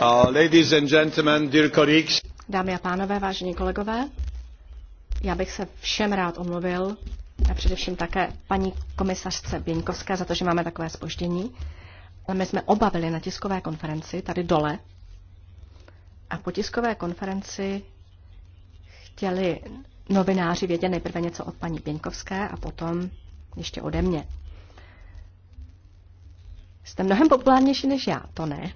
Uh, ladies and gentlemen, dear colleagues. Dámy a pánové, vážení kolegové, já bych se všem rád omluvil a především také paní komisařce Běňkovské za to, že máme takové spoždění. Ale my jsme oba byli na tiskové konferenci tady dole a po tiskové konferenci chtěli novináři vědět nejprve něco od paní Běňkovské a potom ještě ode mě. Jste mnohem populárnější než já, to ne.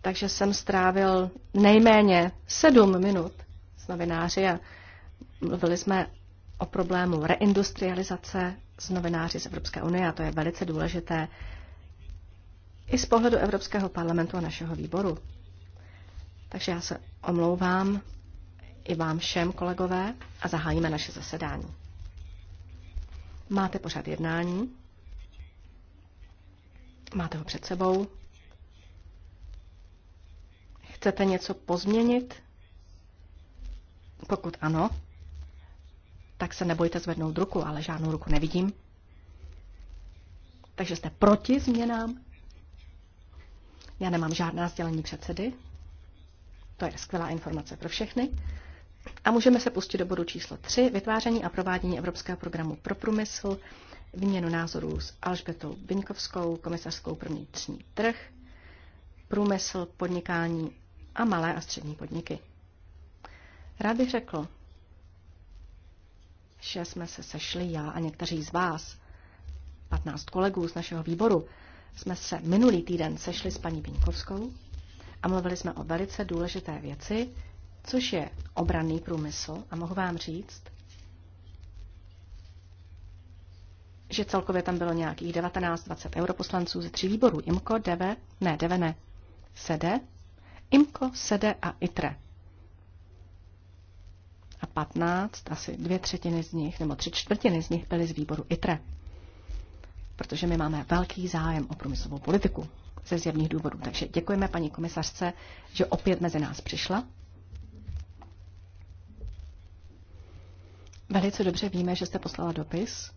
Takže jsem strávil nejméně sedm minut s novináři a mluvili jsme o problému reindustrializace s novináři z Evropské unie a to je velice důležité i z pohledu Evropského parlamentu a našeho výboru. Takže já se omlouvám i vám všem, kolegové, a zahájíme naše zasedání. Máte pořád jednání? Máte ho před sebou. Chcete něco pozměnit? Pokud ano, tak se nebojte zvednout ruku, ale žádnou ruku nevidím. Takže jste proti změnám? Já nemám žádná sdělení předsedy. To je skvělá informace pro všechny. A můžeme se pustit do bodu číslo 3, vytváření a provádění Evropského programu pro průmysl, výměnu názorů s Alžbetou Biňkovskou, komisařskou pro vnitřní trh, průmysl, podnikání a malé a střední podniky. Rád bych řekl, že jsme se sešli já a někteří z vás, 15 kolegů z našeho výboru, jsme se minulý týden sešli s paní Binkovskou a mluvili jsme o velice důležité věci, což je obranný průmysl a mohu vám říct, že celkově tam bylo nějakých 19-20 europoslanců ze tří výborů. IMKO, DEVE, ne, DEVE ne, SEDE, IMKO, SEDE a ITRE. A 15, asi dvě třetiny z nich, nebo tři čtvrtiny z nich byly z výboru ITRE. Protože my máme velký zájem o průmyslovou politiku ze zjevných důvodů. Takže děkujeme paní komisařce, že opět mezi nás přišla. Velice dobře víme, že jste poslala dopis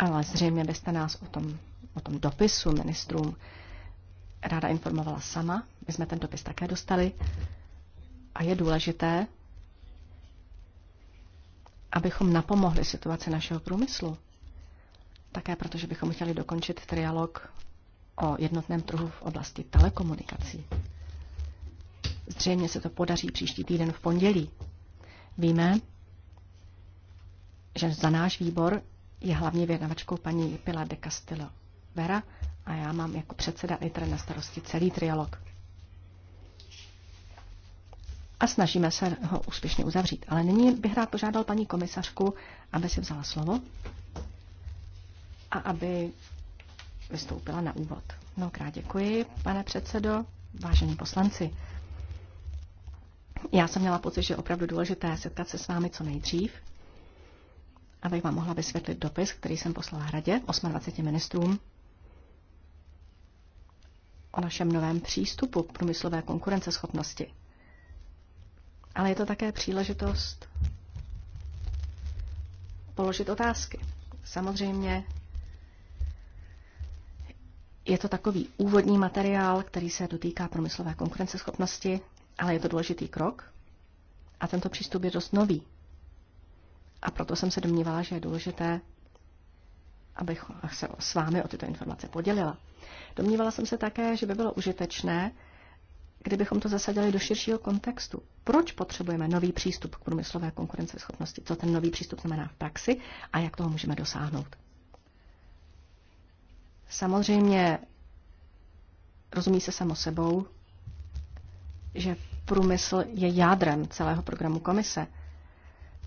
ale zřejmě byste nás o tom, o tom dopisu ministrům ráda informovala sama. My jsme ten dopis také dostali. A je důležité, abychom napomohli situaci našeho průmyslu. Také protože bychom chtěli dokončit trialog o jednotném trhu v oblasti telekomunikací. Zřejmě se to podaří příští týden v pondělí. Víme, že za náš výbor je hlavně vědnavačkou paní Pilar de Castillo Vera a já mám jako předseda ITRE na starosti celý trialog. A snažíme se ho úspěšně uzavřít. Ale nyní bych rád požádal paní komisařku, aby si vzala slovo a aby vystoupila na úvod. Mnohokrát děkuji, pane předsedo, vážení poslanci. Já jsem měla pocit, že je opravdu důležité setkat se s vámi co nejdřív, abych vám mohla vysvětlit dopis, který jsem poslala radě, 28 ministrům, o našem novém přístupu k průmyslové konkurenceschopnosti. Ale je to také příležitost položit otázky. Samozřejmě je to takový úvodní materiál, který se dotýká promyslové konkurenceschopnosti, ale je to důležitý krok a tento přístup je dost nový. A proto jsem se domnívala, že je důležité, abych se s vámi o tyto informace podělila. Domnívala jsem se také, že by bylo užitečné, kdybychom to zasadili do širšího kontextu. Proč potřebujeme nový přístup k průmyslové konkurenceschopnosti? Co ten nový přístup znamená v praxi a jak toho můžeme dosáhnout? Samozřejmě rozumí se samo sebou, že průmysl je jádrem celého programu komise –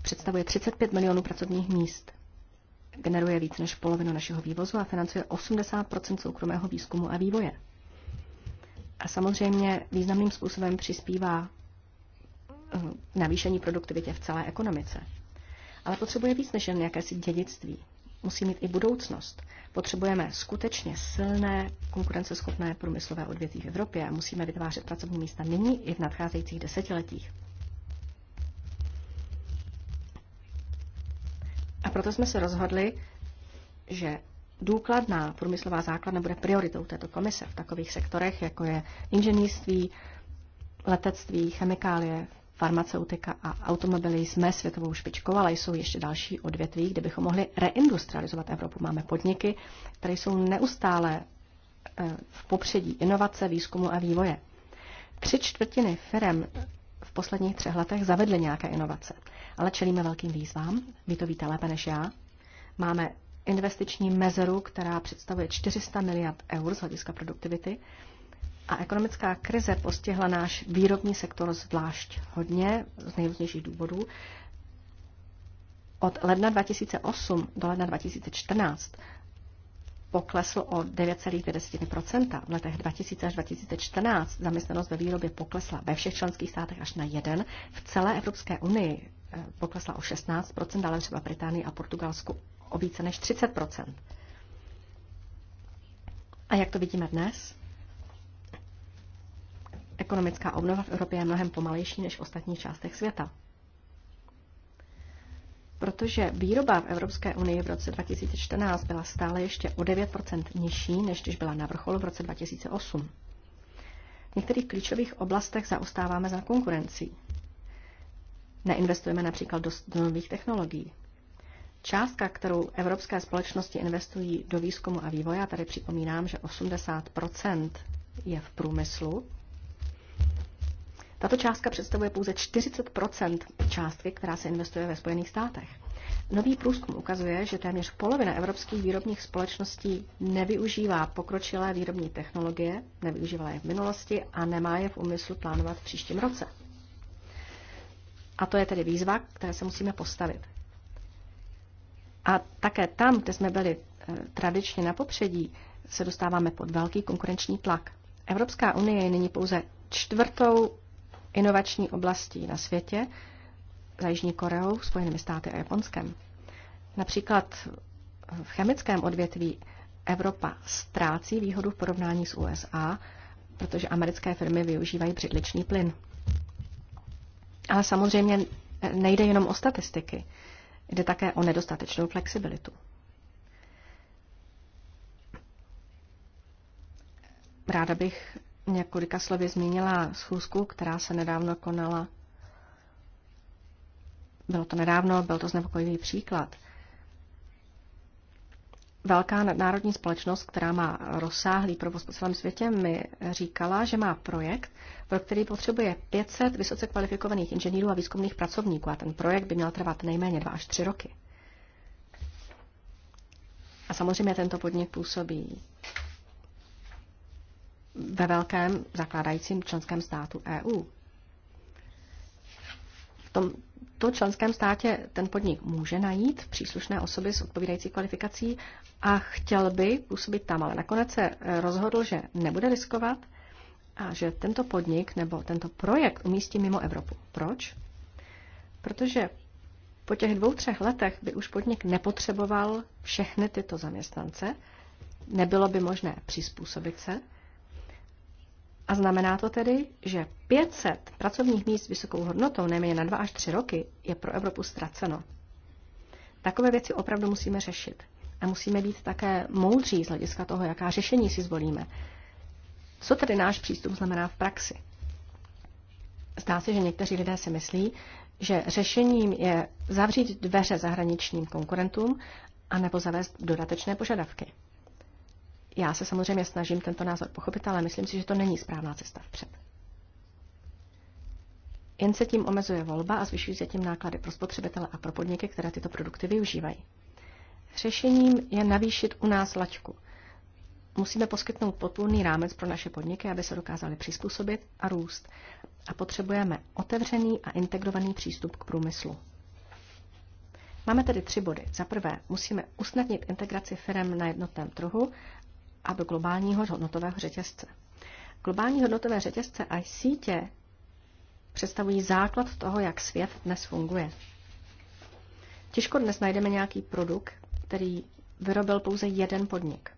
představuje 35 milionů pracovních míst. Generuje víc než polovinu našeho vývozu a financuje 80 soukromého výzkumu a vývoje. A samozřejmě významným způsobem přispívá eh, navýšení produktivitě v celé ekonomice. Ale potřebuje víc než jen jakési dědictví. Musí mít i budoucnost. Potřebujeme skutečně silné, konkurenceschopné průmyslové odvětví v Evropě a musíme vytvářet pracovní místa nyní i v nadcházejících desetiletích. proto jsme se rozhodli, že důkladná průmyslová základna bude prioritou této komise v takových sektorech, jako je inženýrství, letectví, chemikálie, farmaceutika a automobily jsme světovou špičkou, ale jsou ještě další odvětví, kde bychom mohli reindustrializovat Evropu. Máme podniky, které jsou neustále eh, v popředí inovace, výzkumu a vývoje. Tři čtvrtiny firm posledních třech letech zavedli nějaké inovace, ale čelíme velkým výzvám. Vy to víte lépe než já. Máme investiční mezeru, která představuje 400 miliard eur z hlediska produktivity. A ekonomická krize postihla náš výrobní sektor zvlášť hodně z nejrůznějších důvodů. Od ledna 2008 do ledna 2014 poklesl o 9,5 V letech 2000 až 2014 zaměstnanost ve výrobě poklesla ve všech členských státech až na jeden. V celé Evropské unii eh, poklesla o 16 ale třeba Británii a Portugalsku o více než 30 A jak to vidíme dnes? Ekonomická obnova v Evropě je mnohem pomalejší než v ostatních částech světa protože výroba v Evropské unii v roce 2014 byla stále ještě o 9 nižší, než když byla na vrcholu v roce 2008. V některých klíčových oblastech zaostáváme za konkurencí. Neinvestujeme například do, nových technologií. Částka, kterou evropské společnosti investují do výzkumu a vývoje, a tady připomínám, že 80 je v průmyslu, tato částka představuje pouze 40 částky, která se investuje ve Spojených státech. Nový průzkum ukazuje, že téměř polovina evropských výrobních společností nevyužívá pokročilé výrobní technologie, nevyužívala je v minulosti a nemá je v úmyslu plánovat v příštím roce. A to je tedy výzva, které se musíme postavit. A také tam, kde jsme byli eh, tradičně na popředí, se dostáváme pod velký konkurenční tlak. Evropská unie je nyní pouze čtvrtou inovační oblastí na světě, za Jižní Koreou, Spojenými státy a Japonskem. Například v chemickém odvětví Evropa ztrácí výhodu v porovnání s USA, protože americké firmy využívají břidličný plyn. Ale samozřejmě nejde jenom o statistiky, jde také o nedostatečnou flexibilitu. Ráda bych několika slovy zmínila schůzku, která se nedávno konala. Bylo to nedávno, byl to znepokojivý příklad. Velká národní společnost, která má rozsáhlý provoz po celém světě, mi říkala, že má projekt, pro který potřebuje 500 vysoce kvalifikovaných inženýrů a výzkumných pracovníků a ten projekt by měl trvat nejméně 2 až 3 roky. A samozřejmě tento podnik působí ve velkém zakládajícím členském státu EU. V tomto členském státě ten podnik může najít příslušné osoby s odpovídající kvalifikací a chtěl by působit tam, ale nakonec se eh, rozhodl, že nebude riskovat a že tento podnik nebo tento projekt umístí mimo Evropu. Proč? Protože po těch dvou, třech letech by už podnik nepotřeboval všechny tyto zaměstnance, nebylo by možné přizpůsobit se a znamená to tedy, že 500 pracovních míst s vysokou hodnotou nejméně na 2 až 3 roky je pro Evropu ztraceno. Takové věci opravdu musíme řešit. A musíme být také moudří z hlediska toho, jaká řešení si zvolíme. Co tedy náš přístup znamená v praxi? Zdá se, že někteří lidé si myslí, že řešením je zavřít dveře zahraničním konkurentům anebo zavést dodatečné požadavky. Já se samozřejmě snažím tento názor pochopit, ale myslím si, že to není správná cesta vpřed. Jen se tím omezuje volba a zvyšují se tím náklady pro spotřebitele a pro podniky, které tyto produkty využívají. Řešením je navýšit u nás laťku. Musíme poskytnout podpůrný rámec pro naše podniky, aby se dokázali přizpůsobit a růst. A potřebujeme otevřený a integrovaný přístup k průmyslu. Máme tedy tři body. Za prvé, musíme usnadnit integraci firm na jednotném trhu a do globálního hodnotového řetězce. Globální hodnotové řetězce a sítě představují základ toho, jak svět dnes funguje. Těžko dnes najdeme nějaký produkt, který vyrobil pouze jeden podnik.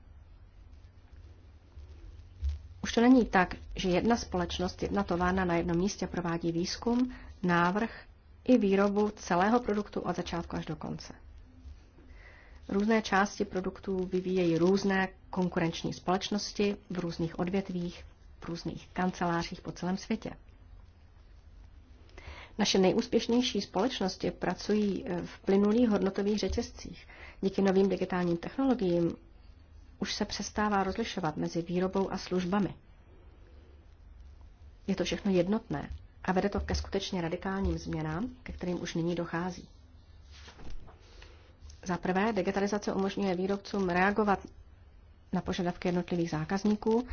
Už to není tak, že jedna společnost, jedna továrna na jednom místě provádí výzkum, návrh i výrobu celého produktu od začátku až do konce. Různé části produktů vyvíjejí různé konkurenční společnosti v různých odvětvích, v různých kancelářích po celém světě. Naše nejúspěšnější společnosti pracují v plynulých hodnotových řetězcích. Díky novým digitálním technologiím už se přestává rozlišovat mezi výrobou a službami. Je to všechno jednotné a vede to ke skutečně radikálním změnám, ke kterým už nyní dochází. Za prvé, digitalizace umožňuje výrobcům reagovat na požadavky jednotlivých zákazníků,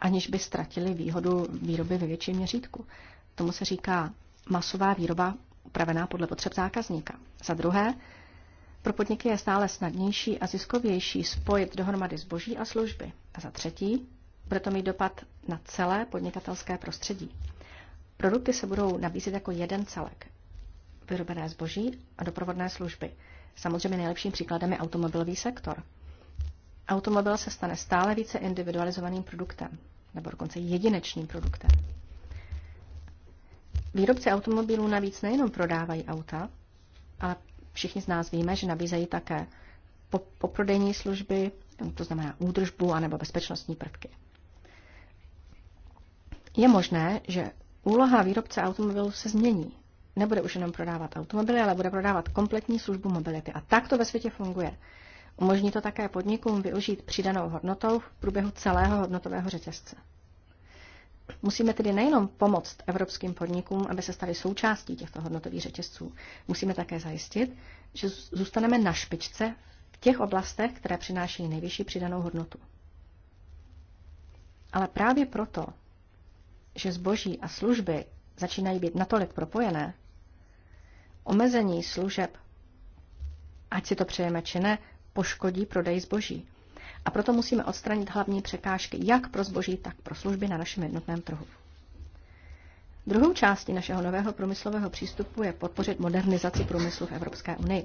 aniž by ztratili výhodu výroby ve větším měřítku. Tomu se říká masová výroba upravená podle potřeb zákazníka. Za druhé, pro podniky je stále snadnější a ziskovější spojit dohromady zboží a služby. A za třetí, bude to mít dopad na celé podnikatelské prostředí. Produkty se budou nabízet jako jeden celek. Vyrobené zboží a doprovodné služby – Samozřejmě nejlepším příkladem je automobilový sektor. Automobil se stane stále více individualizovaným produktem, nebo dokonce jedinečným produktem. Výrobci automobilů navíc nejenom prodávají auta, ale všichni z nás víme, že nabízejí také poprodejní služby, to znamená údržbu anebo bezpečnostní prvky. Je možné, že úloha výrobce automobilů se změní nebude už jenom prodávat automobily, ale bude prodávat kompletní službu mobility. A tak to ve světě funguje. Umožní to také podnikům využít přidanou hodnotou v průběhu celého hodnotového řetězce. Musíme tedy nejenom pomoct evropským podnikům, aby se staly součástí těchto hodnotových řetězců, musíme také zajistit, že zůstaneme na špičce v těch oblastech, které přinášejí nejvyšší přidanou hodnotu. Ale právě proto, že zboží a služby začínají být natolik propojené, omezení služeb, ať si to přejeme či ne, poškodí prodej zboží. A proto musíme odstranit hlavní překážky jak pro zboží, tak pro služby na našem jednotném trhu. Druhou částí našeho nového průmyslového přístupu je podpořit modernizaci průmyslu v Evropské unii.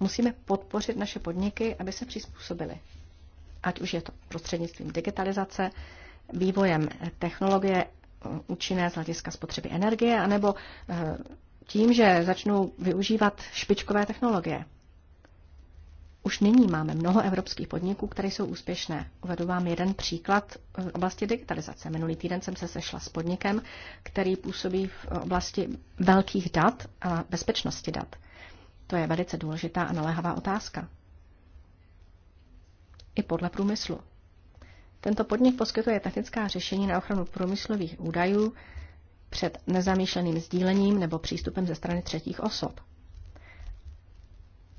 Musíme podpořit naše podniky, aby se přizpůsobily. Ať už je to prostřednictvím digitalizace, vývojem technologie, Eh, účinné z hlediska spotřeby energie, anebo eh, tím, že začnou využívat špičkové technologie. Už nyní máme mnoho evropských podniků, které jsou úspěšné. Uvedu vám jeden příklad eh, v oblasti digitalizace. Minulý týden jsem se sešla s podnikem, který působí v oblasti velkých dat a bezpečnosti dat. To je velice důležitá a naléhavá otázka. I podle průmyslu. Tento podnik poskytuje technická řešení na ochranu průmyslových údajů před nezamýšleným sdílením nebo přístupem ze strany třetích osob.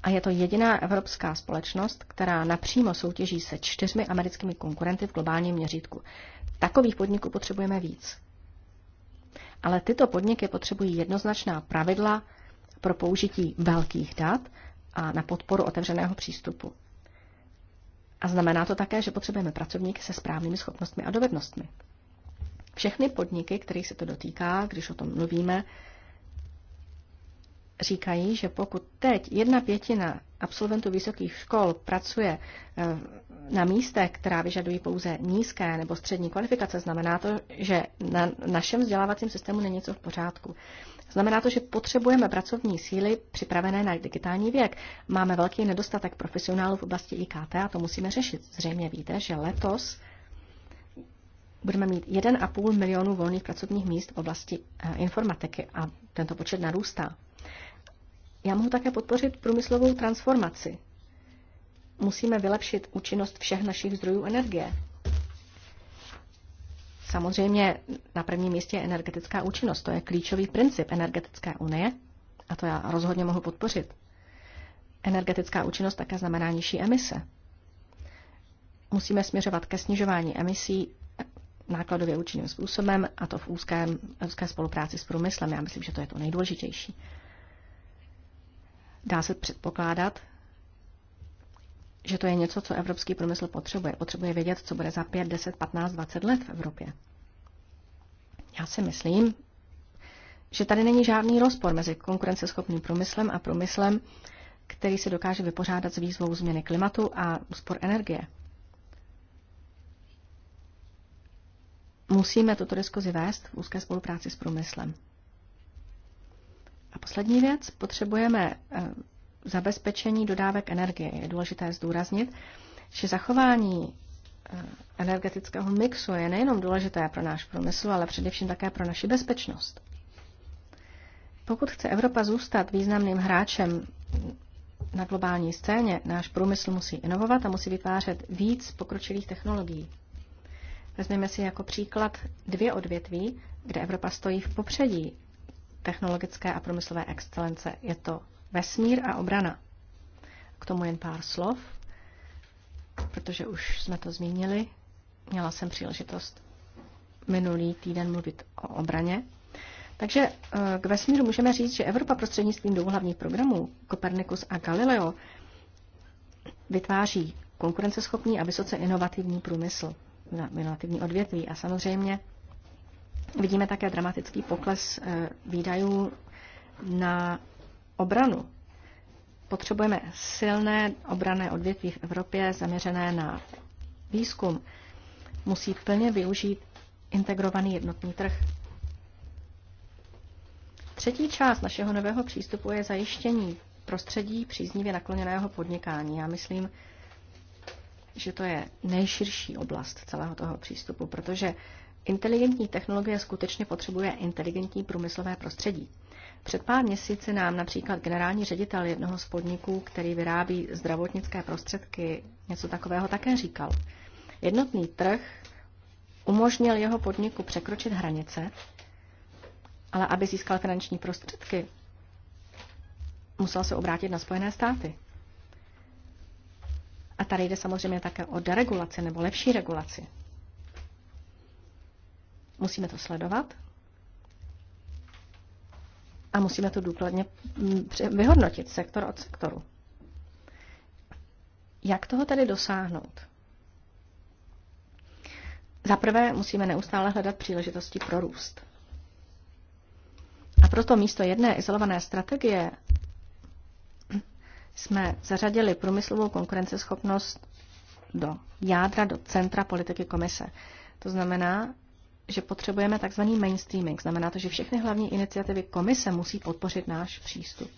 A je to jediná evropská společnost, která napřímo soutěží se čtyřmi americkými konkurenty v globálním měřítku. Takových podniků potřebujeme víc. Ale tyto podniky potřebují jednoznačná pravidla pro použití velkých dat a na podporu otevřeného přístupu. A znamená to také, že potřebujeme pracovníky se správnými schopnostmi a dovednostmi. Všechny podniky, kterých se to dotýká, když o tom mluvíme, říkají, že pokud teď jedna pětina absolventů vysokých škol pracuje eh, na místech, která vyžadují pouze nízké nebo střední kvalifikace, znamená to, že na našem vzdělávacím systému není něco v pořádku. Znamená to, že potřebujeme pracovní síly připravené na digitální věk. Máme velký nedostatek profesionálů v oblasti IKT a to musíme řešit. Zřejmě víte, že letos budeme mít 1,5 milionu volných pracovních míst v oblasti eh, informatiky a tento počet narůstá. Já mohu také podpořit průmyslovou transformaci. Musíme vylepšit účinnost všech našich zdrojů energie. Samozřejmě na prvním místě je energetická účinnost. To je klíčový princip energetické unie a to já rozhodně mohu podpořit. Energetická účinnost také znamená nižší emise. Musíme směřovat ke snižování emisí nákladově účinným způsobem a to v úzkém, úzké spolupráci s průmyslem. Já myslím, že to je to nejdůležitější. Dá se předpokládat, že to je něco, co evropský průmysl potřebuje. Potřebuje vědět, co bude za 5, 10, 15, 20 let v Evropě. Já si myslím, že tady není žádný rozpor mezi konkurenceschopným průmyslem a průmyslem, který se dokáže vypořádat s výzvou změny klimatu a úspor energie. Musíme tuto diskuzi vést v úzké spolupráci s průmyslem. A poslední věc, potřebujeme eh, zabezpečení dodávek energie. Je důležité zdůraznit, že zachování eh, energetického mixu je nejenom důležité pro náš průmysl, ale především také pro naši bezpečnost. Pokud chce Evropa zůstat významným hráčem na globální scéně, náš průmysl musí inovovat a musí vytvářet víc pokročilých technologií. Vezmeme si jako příklad dvě odvětví, kde Evropa stojí v popředí technologické a průmyslové excelence. Je to Vesmír a obrana. K tomu jen pár slov, protože už jsme to zmínili. Měla jsem příležitost minulý týden mluvit o obraně. Takže eh, k vesmíru můžeme říct, že Evropa prostřednictvím dvou hlavních programů, Copernicus a Galileo, vytváří konkurenceschopný a vysoce inovativní průmysl, inovativní odvětví. A samozřejmě vidíme také dramatický pokles eh, výdajů na obranu. Potřebujeme silné obrané odvětví v Evropě zaměřené na výzkum. Musí plně využít integrovaný jednotný trh. Třetí část našeho nového přístupu je zajištění prostředí příznivě nakloněného podnikání. Já myslím, že to je nejširší oblast celého toho přístupu, protože inteligentní technologie skutečně potřebuje inteligentní průmyslové prostředí. Před pár měsíci nám například generální ředitel jednoho z podniků, který vyrábí zdravotnické prostředky, něco takového také říkal. Jednotný trh umožnil jeho podniku překročit hranice, ale aby získal finanční prostředky, musel se obrátit na Spojené státy. A tady jde samozřejmě také o deregulaci nebo lepší regulaci. Musíme to sledovat a musíme to důkladně mm, vyhodnotit sektor od sektoru. Jak toho tedy dosáhnout? Za prvé musíme neustále hledat příležitosti pro růst. A proto místo jedné izolované strategie jsme zařadili průmyslovou konkurenceschopnost do jádra, do centra politiky komise. To znamená, že potřebujeme tzv. mainstreaming. Znamená to, že všechny hlavní iniciativy komise musí podpořit náš přístup.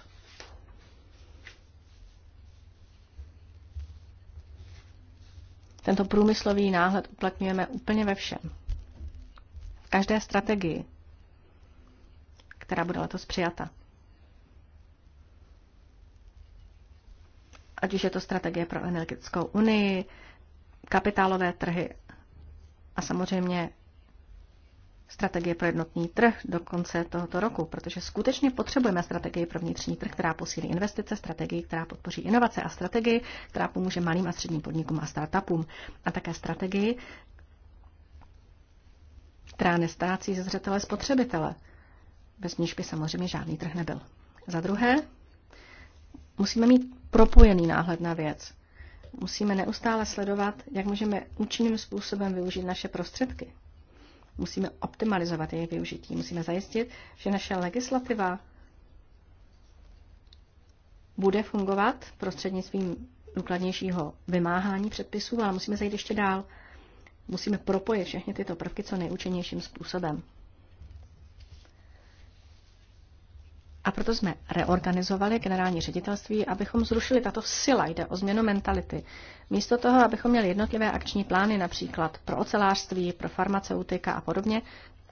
Tento průmyslový náhled uplatňujeme úplně ve všem. V každé strategii, která bude letos přijata. Ať už je to strategie pro energetickou unii, kapitálové trhy a samozřejmě strategie pro jednotný trh do konce tohoto roku, protože skutečně potřebujeme strategii pro vnitřní trh, která posílí investice, strategii, která podpoří inovace a strategii, která pomůže malým a středním podnikům a startupům. A také strategii, která nestrácí ze zřetele spotřebitele. Bez níž by samozřejmě žádný trh nebyl. Za druhé, musíme mít propojený náhled na věc. Musíme neustále sledovat, jak můžeme účinným způsobem využít naše prostředky. Musíme optimalizovat jejich využití. Musíme zajistit, že naše legislativa bude fungovat prostřednictvím důkladnějšího vymáhání předpisů, ale musíme zajít ještě dál. Musíme propojit všechny tyto prvky co nejúčinnějším způsobem. A proto jsme reorganizovali generální ředitelství, abychom zrušili tato sila, jde o změnu mentality. Místo toho, abychom měli jednotlivé akční plány, například pro ocelářství, pro farmaceutika a podobně,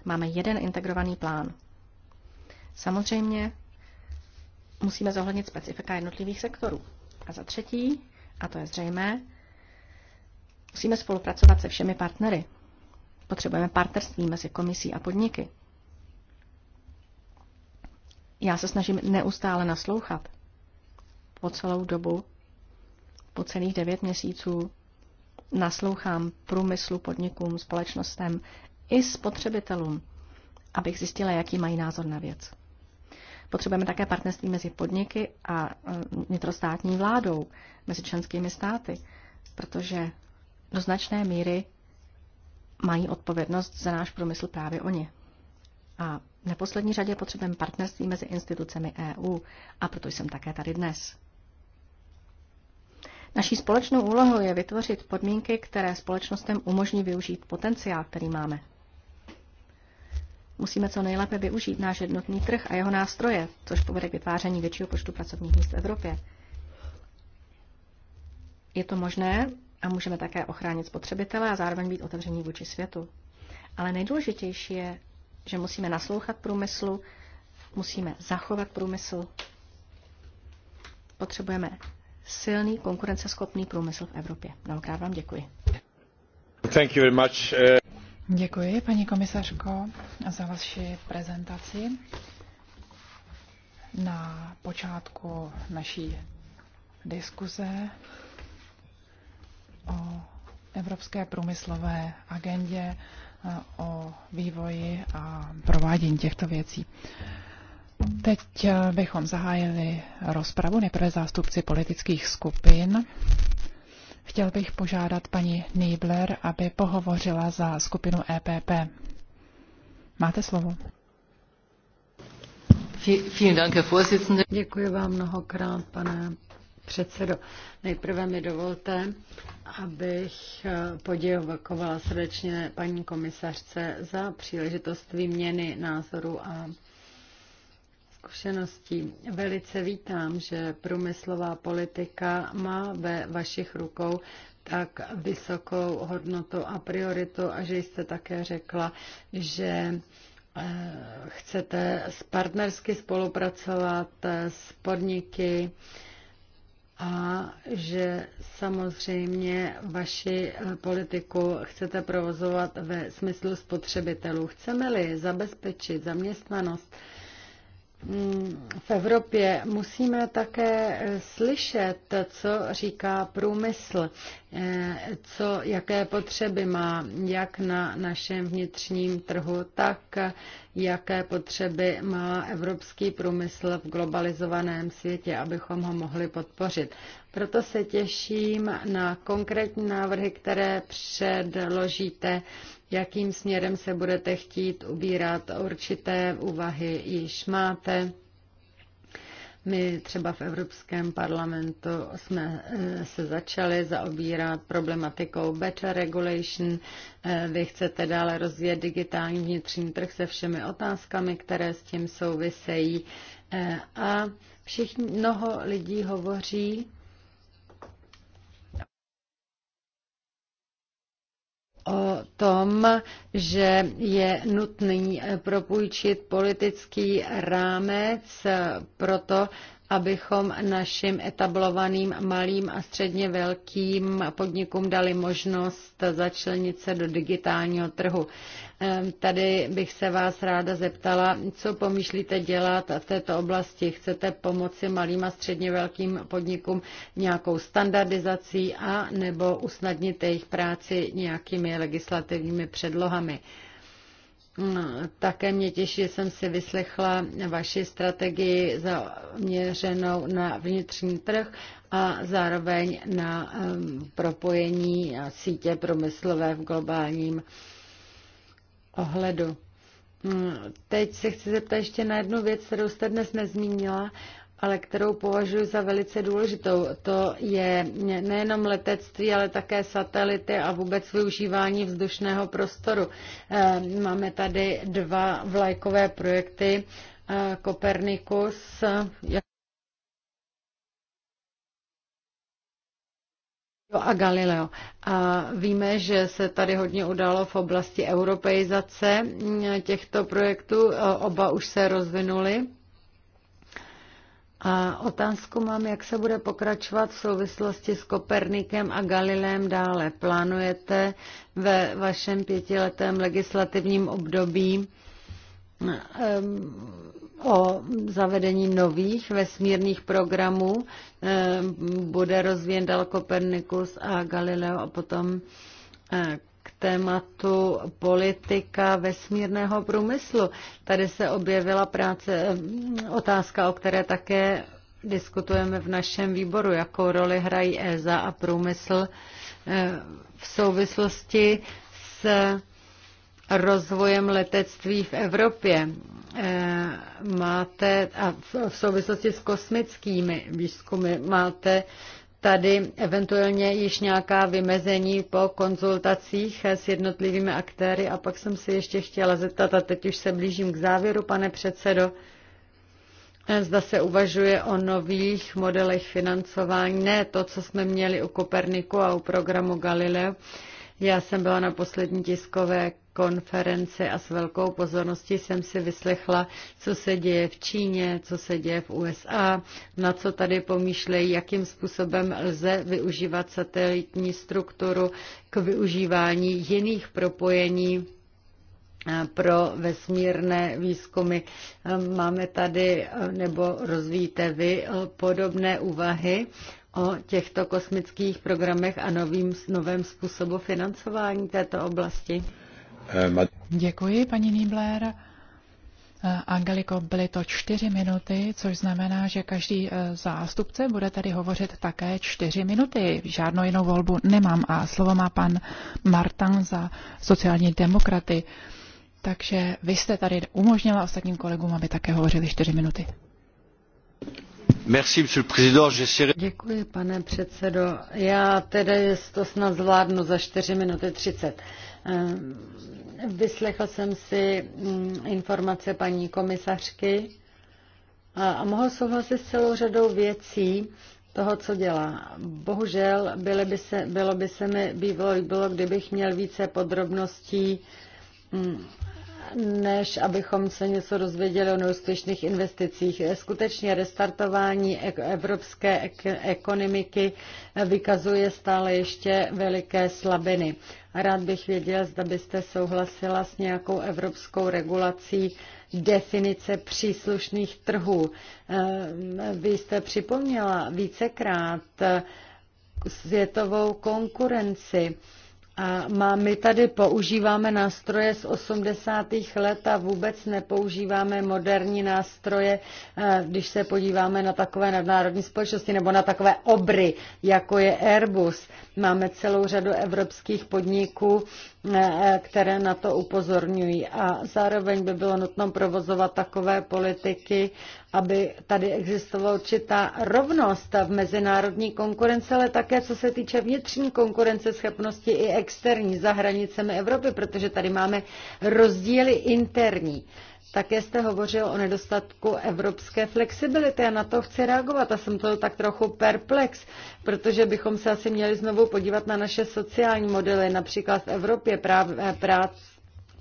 máme jeden integrovaný plán. Samozřejmě musíme zohlednit specifika jednotlivých sektorů. A za třetí, a to je zřejmé, musíme spolupracovat se všemi partnery. Potřebujeme partnerství mezi komisí a podniky. Já se snažím neustále naslouchat. Po celou dobu, po celých devět měsíců, naslouchám průmyslu, podnikům, společnostem i spotřebitelům, abych zjistila, jaký mají názor na věc. Potřebujeme také partnerství mezi podniky a e, vnitrostátní vládou, mezi členskými státy, protože do značné míry mají odpovědnost za náš průmysl právě oni. A v neposlední řadě potřebujeme partnerství mezi institucemi EU a proto jsem také tady dnes. Naší společnou úlohou je vytvořit podmínky, které společnostem umožní využít potenciál, který máme. Musíme co nejlépe využít náš jednotný trh a jeho nástroje, což povede k vytváření většího počtu pracovních míst v Evropě. Je to možné a můžeme také ochránit spotřebitele a zároveň být otevření vůči světu. Ale nejdůležitější je, že musíme naslouchat průmyslu, musíme zachovat průmysl, potřebujeme silný, konkurenceschopný průmysl v Evropě. Mnohokrát vám děkuji. Thank you very much. Eh. Děkuji, paní komisařko, za vaši prezentaci. Na počátku naší diskuze o Evropské průmyslové agendě o vývoji a provádění těchto věcí. Teď eh, bychom zahájili rozpravu nejprve zástupci politických skupin. Chtěl bych požádat paní Niebler, aby pohovořila za skupinu EPP. Máte slovo. Děkuji vám mnohokrát, pane předsedo. Nejprve mi dovolte, abych eh, poděkovala srdečně paní komisařce za příležitost výměny názoru a zkušeností. Velice vítám, že průmyslová politika má ve vašich rukou tak vysokou hodnotu a prioritu a že jste také řekla, že eh, chcete partnersky spolupracovat eh, s podniky, a že samozřejmě vaši eh, politiku chcete provozovat ve smyslu spotřebitelů. Chceme-li zabezpečit zaměstnanost, v Evropě musíme také slyšet, co říká průmysl, eh, co, jaké potřeby má jak na našem vnitřním trhu, tak jaké potřeby má evropský průmysl v globalizovaném světě, abychom ho mohli podpořit. Proto se těším na konkrétní návrhy, které předložíte jakým směrem se budete chtít ubírat. Určité úvahy již máte. My třeba v Evropském parlamentu jsme eh, se začali zaobírat problematikou better regulation. Eh, vy chcete dále rozvíjet digitální vnitřní trh se všemi otázkami, které s tím souvisejí. Eh, a všichni, mnoho lidí hovoří o tom, že je nutný propůjčit politický rámec proto, abychom našim etablovaným malým a středně velkým podnikům dali možnost začlenit se do digitálního trhu. Ehm, tady bych se vás ráda zeptala, co pomýšlíte dělat v této oblasti. Chcete pomoci malým a středně velkým podnikům nějakou standardizací a nebo usnadnit jejich práci nějakými legislativními předlohami? No, také mě těší, že jsem si vyslechla vaši strategii zaměřenou na vnitřní trh a zároveň na um, propojení a sítě promyslové v globálním ohledu. Hm, teď se chci zeptat ještě na jednu věc, kterou jste dnes nezmínila, ale kterou považuji za velice důležitou. To je nejenom letectví, ale také satelity a vůbec využívání vzdušného prostoru. Eh, máme tady dva vlajkové projekty, Kopernikus. Eh, a Galileo. A víme, že se tady hodně událo v oblasti europeizace mm, těchto projektů. Oba už se rozvinuly a otázku mám, jak se bude pokračovat v souvislosti s Kopernikem a Galilem dále. Plánujete ve vašem pětiletém legislativním období ehm, o zavedení nových vesmírných programů. Ehm, bude rozvíjen dal Kopernikus a Galileo a potom eh, tématu politika vesmírného průmyslu. Tady se objevila práce, eh, otázka, o které také diskutujeme v našem výboru, jakou roli hrají ESA a průmysl eh, v souvislosti s rozvojem letectví v Evropě. Eh, máte, a v souvislosti s kosmickými výzkumy, máte tady eventuálně již nějaká vymezení po konzultacích s jednotlivými aktéry. A pak jsem se ještě chtěla zeptat, a teď už se blížím k závěru, pane předsedo, Zda se uvažuje o nových modelech financování, ne to, co jsme měli u Koperniku a u programu Galileo, já jsem byla na poslední tiskové konferenci a s velkou pozorností jsem si vyslechla, co se děje v Číně, co se děje v USA, na co tady pomýšlejí, jakým způsobem lze využívat satelitní strukturu k využívání jiných propojení eh, pro vesmírné výzkumy. Eh, máme tady, eh, nebo rozvíjíte vy, podobné úvahy o těchto kosmických programech a novým, novém způsobu financování této oblasti? Děkuji, paní Niebler. Angeliko, byly to čtyři minuty, což znamená, že každý eh, zástupce bude tady hovořit také čtyři minuty. Žádnou jinou volbu nemám a slovo má pan Martan za sociální demokraty. Takže vy jste tady umožnila ostatním kolegům, aby také hovořili čtyři minuty. Děkuji, pane předsedo. Já tedy to snad zvládnu za 4 minuty 30. Ehm, vyslechl jsem si mm, informace paní komisařky a mohl souhlasit s celou řadou věcí toho, co dělá. Bohužel bylo by se, bylo by se mi bývalo líbilo, kdybych měl více podrobností mm, než abychom se něco dozvěděli o neúspěšných investicích. Skutečně restartování evropské ekonomiky vykazuje stále ještě veliké slabiny. Rád bych věděl, zda byste souhlasila s nějakou evropskou regulací definice příslušných trhů. Ehm, vy jste připomněla vícekrát světovou konkurenci a má, my tady používáme nástroje z 80. let a vůbec nepoužíváme moderní nástroje, eh, když se podíváme na takové nadnárodní společnosti nebo na takové obry, jako je Airbus. Máme celou řadu evropských podniků, Eh, které na to upozorňují. A zároveň by bylo nutno provozovat takové politiky, aby tady existovala určitá rovnost v mezinárodní konkurence, ale také co se týče vnitřní konkurenceschopnosti i externí za hranicemi Evropy, protože tady máme rozdíly interní. Také jste hovořil o nedostatku evropské flexibility a na to chci reagovat a jsem to tak trochu perplex, protože bychom se asi měli znovu podívat na naše sociální modely, například v Evropě práv, eh, prác,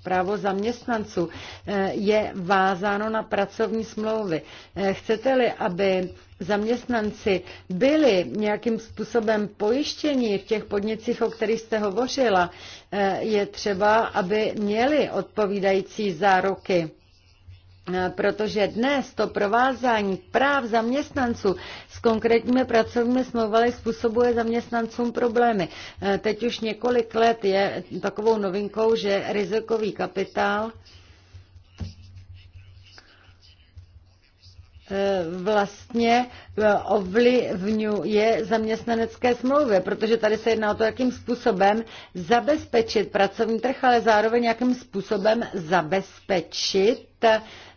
právo zaměstnanců eh, je vázáno na pracovní smlouvy. Eh, chcete-li, aby zaměstnanci byli nějakým způsobem pojištěni v těch podnicích, o kterých jste hovořila, je třeba, aby měli odpovídající záruky protože dnes to provázání práv zaměstnanců s konkrétními pracovními smlouvami způsobuje zaměstnancům problémy. E, teď už několik let je takovou novinkou, že rizikový kapitál Eh, vlastně eh, ovlivňuje zaměstnanecké smlouvy, protože tady se jedná o to, jakým způsobem zabezpečit pracovní trh, ale zároveň jakým způsobem zabezpečit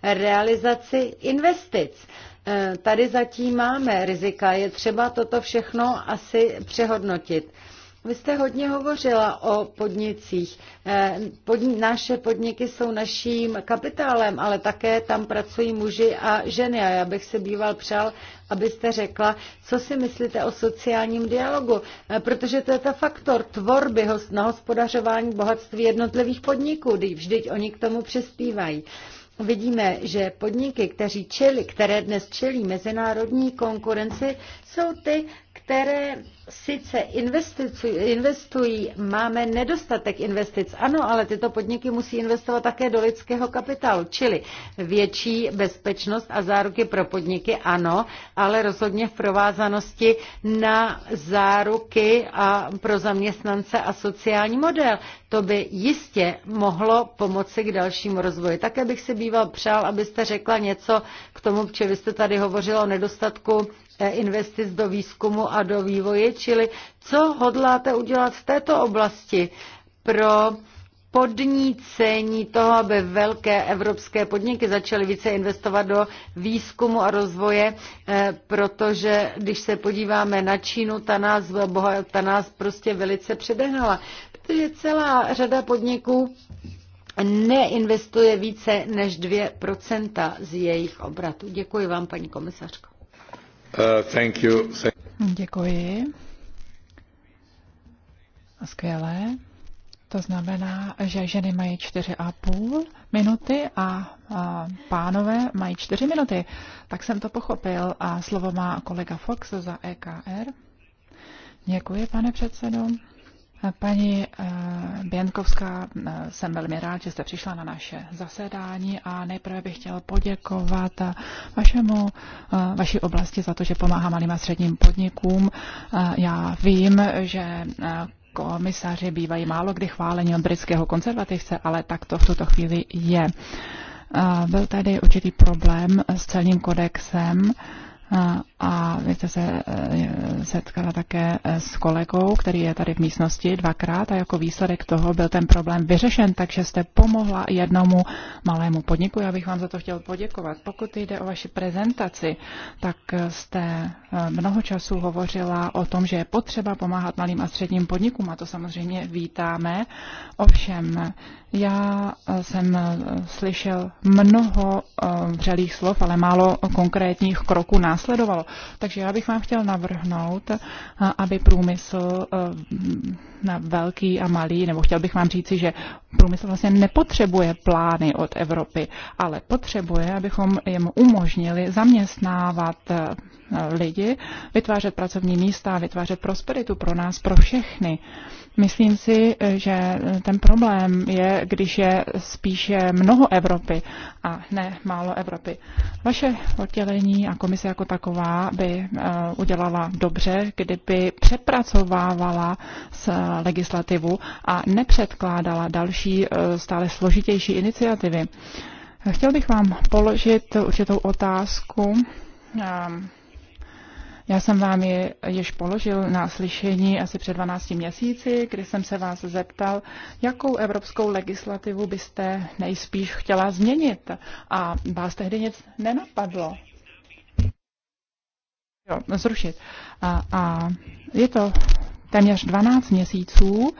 realizaci investic. Eh, tady zatím máme rizika, je třeba toto všechno asi přehodnotit. Vy jste hodně hovořila o podnicích. Eh, Podni- naše podniky jsou naším kapitálem, ale také tam pracují muži a ženy. A já bych se býval přál, abyste řekla, co si myslíte o sociálním dialogu, eh, protože to je ta faktor tvorby na hospodařování bohatství jednotlivých podniků, když vždyť oni k tomu přispívají. Vidíme, že podniky, kteří čeli, které dnes čelí mezinárodní konkurenci, jsou ty, které sice investují, máme nedostatek investic, ano, ale tyto podniky musí investovat také do lidského kapitálu, čili větší bezpečnost a záruky pro podniky, ano, ale rozhodně v provázanosti na záruky a pro zaměstnance a sociální model. To by jistě mohlo pomoci k dalšímu rozvoji. Také bych si býval přál, abyste řekla něco k tomu, k vy jste tady hovořila o nedostatku Eh, investic do výzkumu a do vývoje, čili co hodláte udělat v této oblasti pro podnícení toho, aby velké evropské podniky začaly více investovat do výzkumu a rozvoje, eh, protože když se podíváme na Čínu, ta nás, boha, ta nás prostě velice předehnala. Protože celá řada podniků neinvestuje více než 2% z jejich obratů. Děkuji vám, paní komisařko. Uh, Děkuji. Skvělé. To znamená, že ženy mají 4,5 minuty a, a pánové mají 4 minuty. Tak jsem to pochopil a slovo má kolega Fox za EKR. Děkuji, pane předsedo. Paní eh, Běnkovská, eh, jsem velmi rád, že jste přišla na naše zasedání a nejprve bych chtěl poděkovat eh, vašemu, vaší oblasti za to, že pomáhá malým a středním podnikům. Já vím, že komisaři bývají málo kdy chváleni od britského konzervativce, ale tak to v tuto chvíli je. Byl tady určitý problém s celním kodexem a vy jste se eh, setkala také eh, s kolegou, který je tady v místnosti dvakrát a jako výsledek toho byl ten problém vyřešen, takže jste pomohla jednomu malému podniku. Já bych vám za to chtěl poděkovat. Pokud jde o vaši prezentaci, tak eh, jste mnoho času hovořila o tom, že je potřeba pomáhat malým a středním podnikům a to samozřejmě vítáme. Ovšem, já jsem slyšel mnoho vřelých slov, ale málo konkrétních kroků následovalo. Takže já bych vám chtěl navrhnout, eh, aby průmysl eh, na velký a malý, nebo chtěl bych vám říci, že průmysl vlastně nepotřebuje plány od Evropy, ale potřebuje, abychom jim umožnili zaměstnávat eh, lidi, vytvářet pracovní místa, vytvářet prosperitu pro nás, pro všechny. Myslím si, že ten problém je, když je spíše mnoho Evropy a ne málo Evropy. Vaše oddělení a komise jako taková by eh, udělala dobře, kdyby přepracovávala s legislativu a nepředkládala další eh, stále složitější iniciativy. Chtěl bych vám položit určitou otázku eh, já jsem vám je již položil na slyšení asi před 12 měsíci, kdy jsem se vás zeptal, jakou evropskou legislativu byste nejspíš chtěla změnit. A vás tehdy nic nenapadlo. Jo, zrušit. A, a je to téměř 12 měsíců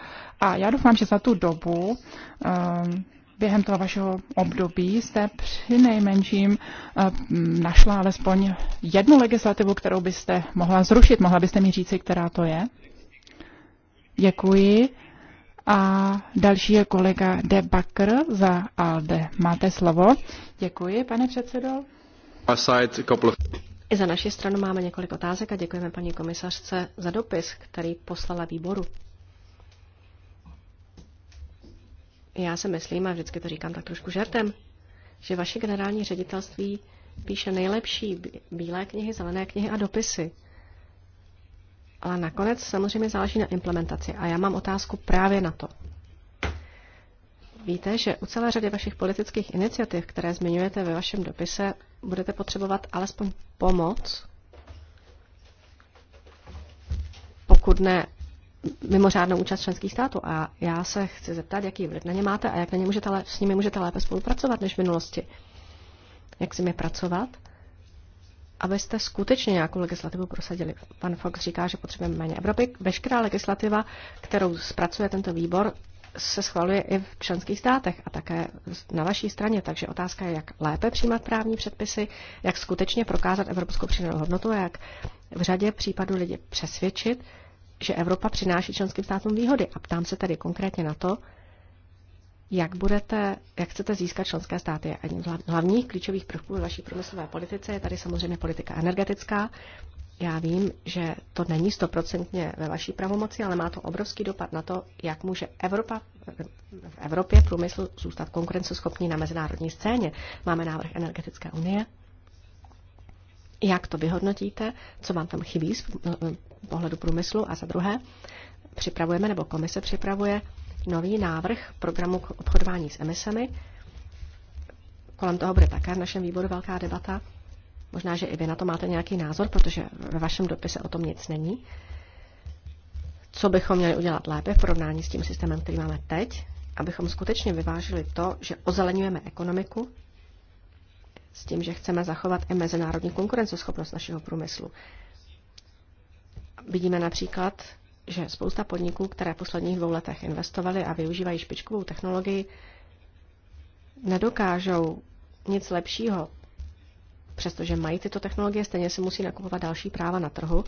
a já doufám, že za tu dobu um, během toho vašeho období jste při nejmenším eh, našla alespoň jednu legislativu, kterou byste mohla zrušit. Mohla byste mi říci, která to je? Děkuji. A další je kolega De Bakr za ALDE. Máte slovo. Děkuji, pane předsedo. I za naši stranu máme několik otázek a děkujeme paní komisařce za dopis, který poslala výboru. Já se myslím, a vždycky to říkám tak trošku žertem, že vaše generální ředitelství píše nejlepší bílé knihy, zelené knihy a dopisy. Ale nakonec samozřejmě záleží na implementaci. A já mám otázku právě na to. Víte, že u celé řady vašich politických iniciativ, které zmiňujete ve vašem dopise, budete potřebovat alespoň pomoc, pokud ne mimořádnou účast členských států. A já se chci zeptat, jaký vliv na ně máte a jak na ně můžete s nimi můžete lépe spolupracovat než v minulosti. Jak s nimi pracovat, abyste skutečně nějakou legislativu prosadili. Pan Fox říká, že potřebujeme méně Evropy. Veškerá legislativa, kterou zpracuje tento výbor, se schvaluje i v členských státech a také na vaší straně. Takže otázka je, jak lépe přijímat právní předpisy, jak skutečně prokázat evropskou přidanou hodnotu a jak v řadě případů lidi přesvědčit, že Evropa přináší členským státům výhody. A ptám se tady konkrétně na to, jak, budete, jak chcete získat členské státy? Jedním z hlavních klíčových prvků ve vaší průmyslové politice je tady samozřejmě politika energetická. Já vím, že to není stoprocentně ve vaší pravomoci, ale má to obrovský dopad na to, jak může Evropa, v Evropě průmysl zůstat konkurenceschopný na mezinárodní scéně. Máme návrh Energetické unie. Jak to vyhodnotíte? Co vám tam chybí z pohledu průmyslu a za druhé připravujeme nebo komise připravuje nový návrh programu k obchodování s emisemi. Kolem toho bude také v našem výboru velká debata. Možná, že i vy na to máte nějaký názor, protože ve vašem dopise o tom nic není. Co bychom měli udělat lépe v porovnání s tím systémem, který máme teď, abychom skutečně vyvážili to, že ozeleňujeme ekonomiku s tím, že chceme zachovat i mezinárodní konkurenceschopnost našeho průmyslu. Vidíme například, že spousta podniků, které v posledních dvou letech investovaly a využívají špičkovou technologii, nedokážou nic lepšího, přestože mají tyto technologie, stejně si musí nakupovat další práva na trhu,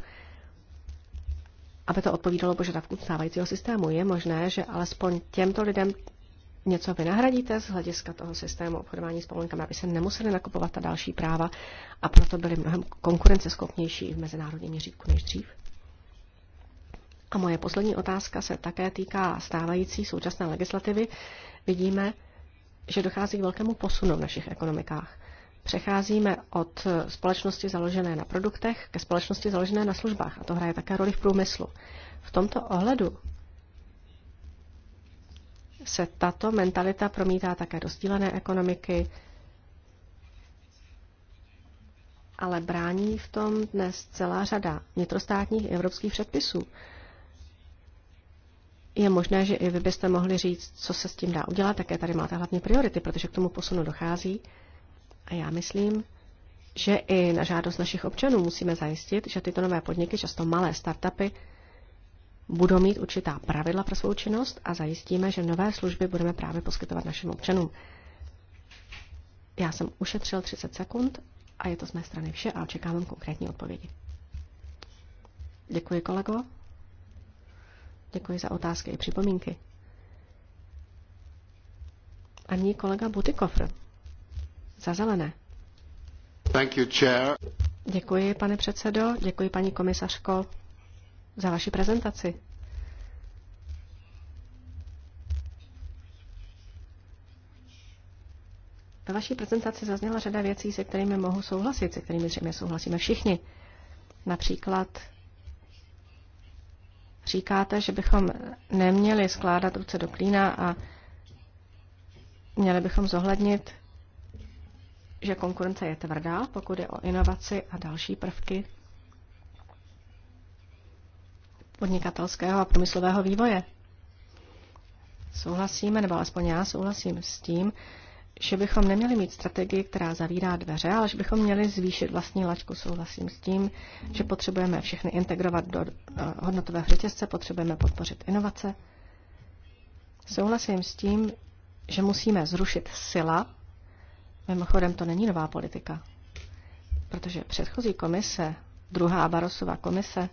aby to odpovídalo požadavku stávajícího systému. Je možné, že alespoň těmto lidem něco vynahradíte z hlediska toho systému obchodování s povolenkami, aby se nemuseli nakupovat ta další práva a proto byli mnohem konkurenceschopnější v mezinárodním měřítku než dřív? A moje poslední otázka se také týká stávající současné legislativy. Vidíme, že dochází k velkému posunu v našich ekonomikách. Přecházíme od společnosti založené na produktech ke společnosti založené na službách a to hraje také roli v průmyslu. V tomto ohledu se tato mentalita promítá také do sdílené ekonomiky, ale brání v tom dnes celá řada vnitrostátních evropských předpisů. Je možné, že i vy byste mohli říct, co se s tím dá udělat, také tady máte hlavně priority, protože k tomu posunu dochází. A já myslím, že i na žádost našich občanů musíme zajistit, že tyto nové podniky, často malé startupy, budou mít určitá pravidla pro svou činnost a zajistíme, že nové služby budeme právě poskytovat našim občanům. Já jsem ušetřil 30 sekund a je to z mé strany vše a očekávám konkrétní odpovědi. Děkuji, kolego. Děkuji za otázky i připomínky. A nyní kolega Butikofr. Za zelené. Thank you, chair. Děkuji, pane předsedo, děkuji, paní komisařko, za vaši prezentaci. Ve vaší prezentaci zazněla řada věcí, se kterými mohu souhlasit, se kterými zřejmě souhlasíme všichni. Například říkáte, že bychom neměli skládat ruce do klína a měli bychom zohlednit, že konkurence je tvrdá, pokud je o inovaci a další prvky podnikatelského a průmyslového vývoje. Souhlasíme, nebo alespoň já souhlasím s tím, že bychom neměli mít strategii, která zavírá dveře, ale že bychom měli zvýšit vlastní laťku. Souhlasím s tím, že potřebujeme všechny integrovat do eh, hodnotového řetězce, potřebujeme podpořit inovace. Souhlasím s tím, že musíme zrušit sila. Mimochodem, to není nová politika, protože předchozí komise, druhá Barosova komise,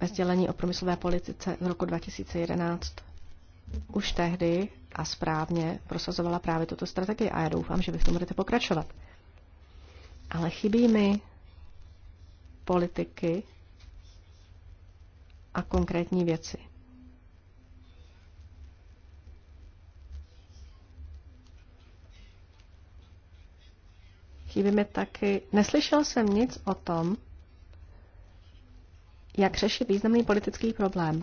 ve sdělení o průmyslové politice z roku 2011 už tehdy a správně prosazovala právě tuto strategii a já doufám, že vy v tom budete pokračovat. Ale chybí mi politiky a konkrétní věci. Chybí mi taky, neslyšel jsem nic o tom, jak řešit významný politický problém.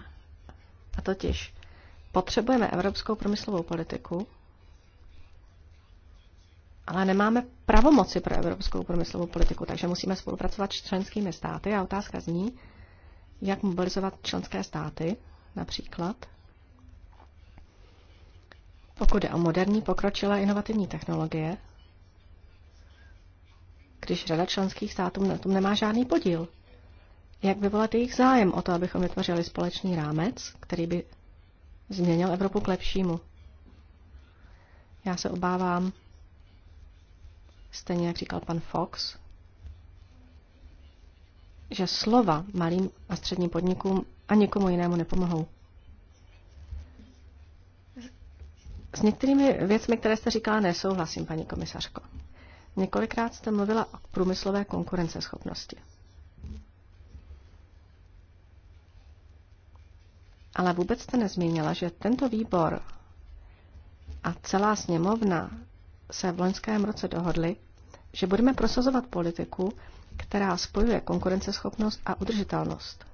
A totiž Potřebujeme evropskou průmyslovou politiku, ale nemáme pravomoci pro evropskou průmyslovou politiku, takže musíme spolupracovat s členskými státy a otázka zní, jak mobilizovat členské státy například, pokud je o moderní pokročilé inovativní technologie, když řada členských států na tom nemá žádný podíl. Jak vyvolat jejich zájem o to, abychom vytvořili společný rámec, který by změnil Evropu k lepšímu. Já se obávám, stejně jak říkal pan Fox, že slova malým a středním podnikům a nikomu jinému nepomohou. S některými věcmi, které jste říkala, nesouhlasím, paní komisařko. Několikrát jste mluvila o průmyslové konkurenceschopnosti. Ale vůbec jste nezmínila, že tento výbor a celá sněmovna se v loňském roce dohodli, že budeme prosazovat politiku, která spojuje konkurenceschopnost a udržitelnost.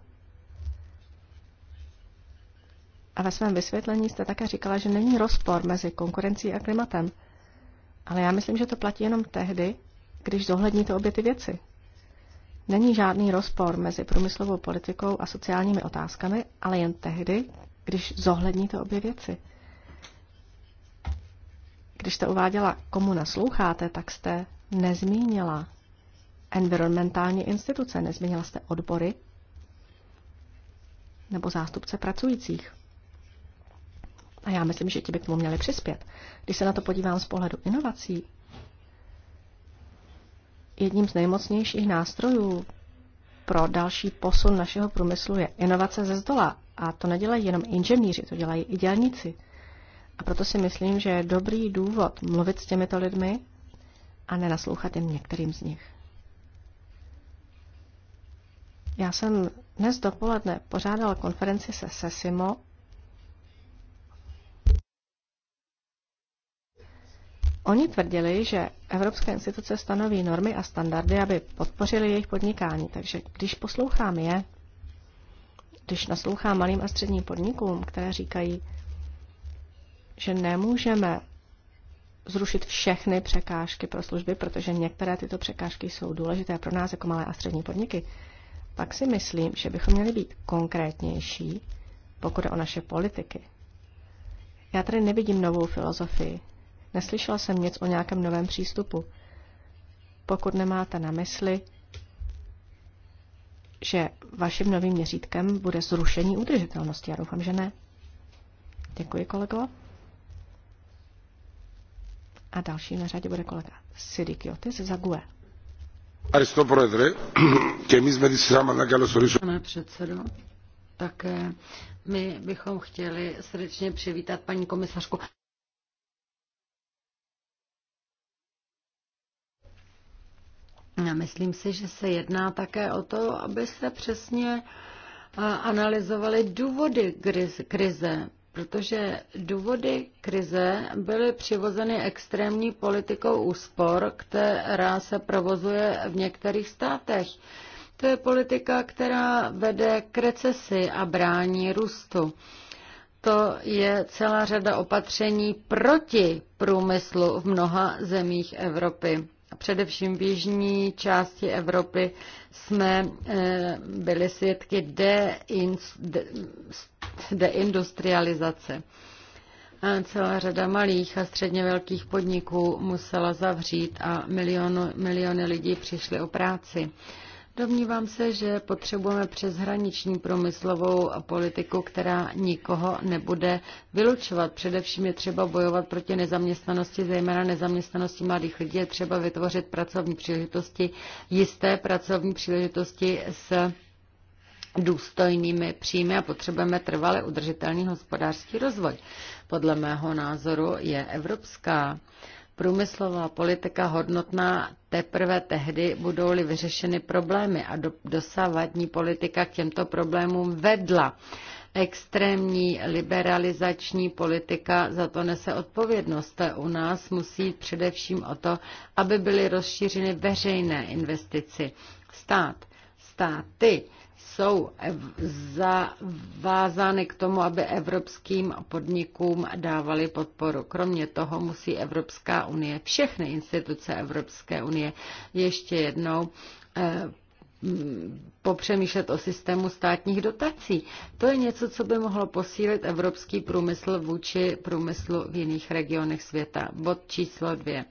A ve svém vysvětlení jste také říkala, že není rozpor mezi konkurencí a klimatem. Ale já myslím, že to platí jenom tehdy, když zohledníte obě ty věci. Není žádný rozpor mezi průmyslovou politikou a sociálními otázkami, ale jen tehdy, když zohledníte obě věci. Když jste uváděla, komu nasloucháte, tak jste nezmínila environmentální instituce, nezmínila jste odbory nebo zástupce pracujících. A já myslím, že ti by k tomu měli přispět. Když se na to podívám z pohledu inovací, jedním z nejmocnějších nástrojů pro další posun našeho průmyslu je inovace ze zdola. A to nedělají jenom inženýři, to dělají i dělníci. A proto si myslím, že je dobrý důvod mluvit s těmito lidmi a nenaslouchat jen některým z nich. Já jsem dnes dopoledne pořádala konferenci se Sesimo Oni tvrdili, že evropské instituce stanoví normy a standardy, aby podpořili jejich podnikání. Takže když poslouchám je, když naslouchám malým a středním podnikům, které říkají, že nemůžeme zrušit všechny překážky pro služby, protože některé tyto překážky jsou důležité pro nás jako malé a střední podniky, pak si myslím, že bychom měli být konkrétnější, pokud je o naše politiky. Já tady nevidím novou filozofii, Neslyšela jsem nic o nějakém novém přístupu. Pokud nemáte na mysli, že vaším novým měřítkem bude zrušení udržitelnosti. Já doufám, že ne. Děkuji, kolego. A další na řadě bude kolega Sidikiotis za GUE. Pane předsedo, také my bychom chtěli srdečně přivítat paní komisařku. Myslím si, že se jedná také o to, aby se přesně analyzovaly důvody krize, protože důvody krize byly přivozeny extrémní politikou úspor, která se provozuje v některých státech. To je politika, která vede k recesi a brání růstu. To je celá řada opatření proti průmyslu v mnoha zemích Evropy. Především v jižní části Evropy jsme eh, byli svědky deindustrializace. Celá řada malých a středně velkých podniků musela zavřít a miliony, miliony lidí přišly o práci. Domnívám se, že potřebujeme přeshraniční promyslovou politiku, která nikoho nebude vylučovat. Především je třeba bojovat proti nezaměstnanosti, zejména nezaměstnanosti mladých lidí. Je třeba vytvořit pracovní příležitosti, jisté pracovní příležitosti s důstojnými příjmy a potřebujeme trvale udržitelný hospodářský rozvoj. Podle mého názoru je evropská Průmyslová politika hodnotná teprve tehdy budou-li vyřešeny problémy a do, dosavadní politika k těmto problémům vedla. Extrémní liberalizační politika za to nese odpovědnost. U nás musí jít především o to, aby byly rozšířeny veřejné investici. Stát, státy jsou zavázány k tomu, aby evropským podnikům dávali podporu. Kromě toho musí Evropská unie, všechny instituce Evropské unie ještě jednou eh, popřemýšlet o systému státních dotací. To je něco, co by mohlo posílit evropský průmysl vůči průmyslu v jiných regionech světa. Bod číslo dvě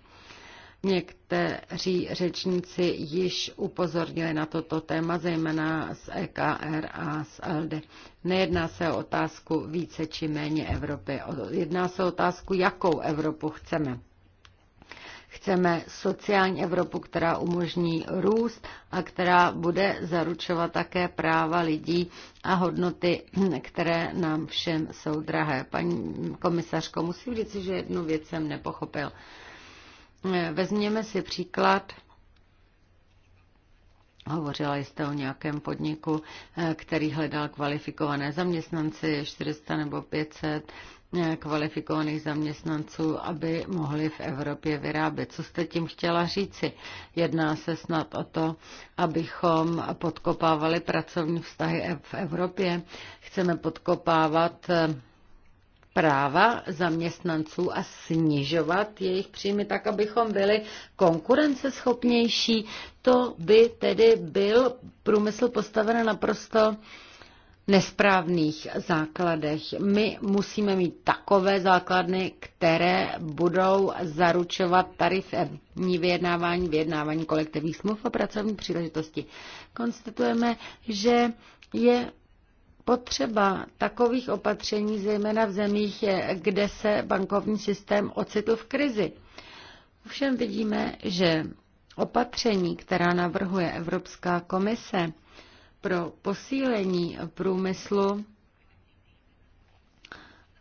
Někteří řečníci již upozornili na toto téma, zejména z EKR a z LD. Nejedná se o otázku více či méně Evropy. Jedná se o otázku, jakou Evropu chceme. Chceme sociální Evropu, která umožní růst a která bude zaručovat také práva lidí a hodnoty, které nám všem jsou drahé. Paní komisařko, musím říct, že jednu věc jsem nepochopil. Vezměme si příklad Hovořila jste o nějakém podniku, eh, který hledal kvalifikované zaměstnance, 400 nebo 500 eh, kvalifikovaných zaměstnanců, aby mohli v Evropě vyrábět. Co jste tím chtěla říci? Jedná se snad o to, abychom podkopávali pracovní vztahy v Evropě. Chceme podkopávat eh, práva zaměstnanců a snižovat jejich příjmy tak, abychom byli konkurenceschopnější. To by tedy byl průmysl postaven naprosto nesprávných základech. My musíme mít takové základny, které budou zaručovat tarifní vyjednávání, vyjednávání kolektivních smluv a pracovní příležitosti. Konstatujeme, že je Potřeba takových opatření, zejména v zemích, kde se bankovní systém ocitl v krizi. Ovšem vidíme, že opatření, která navrhuje Evropská komise pro posílení průmyslu,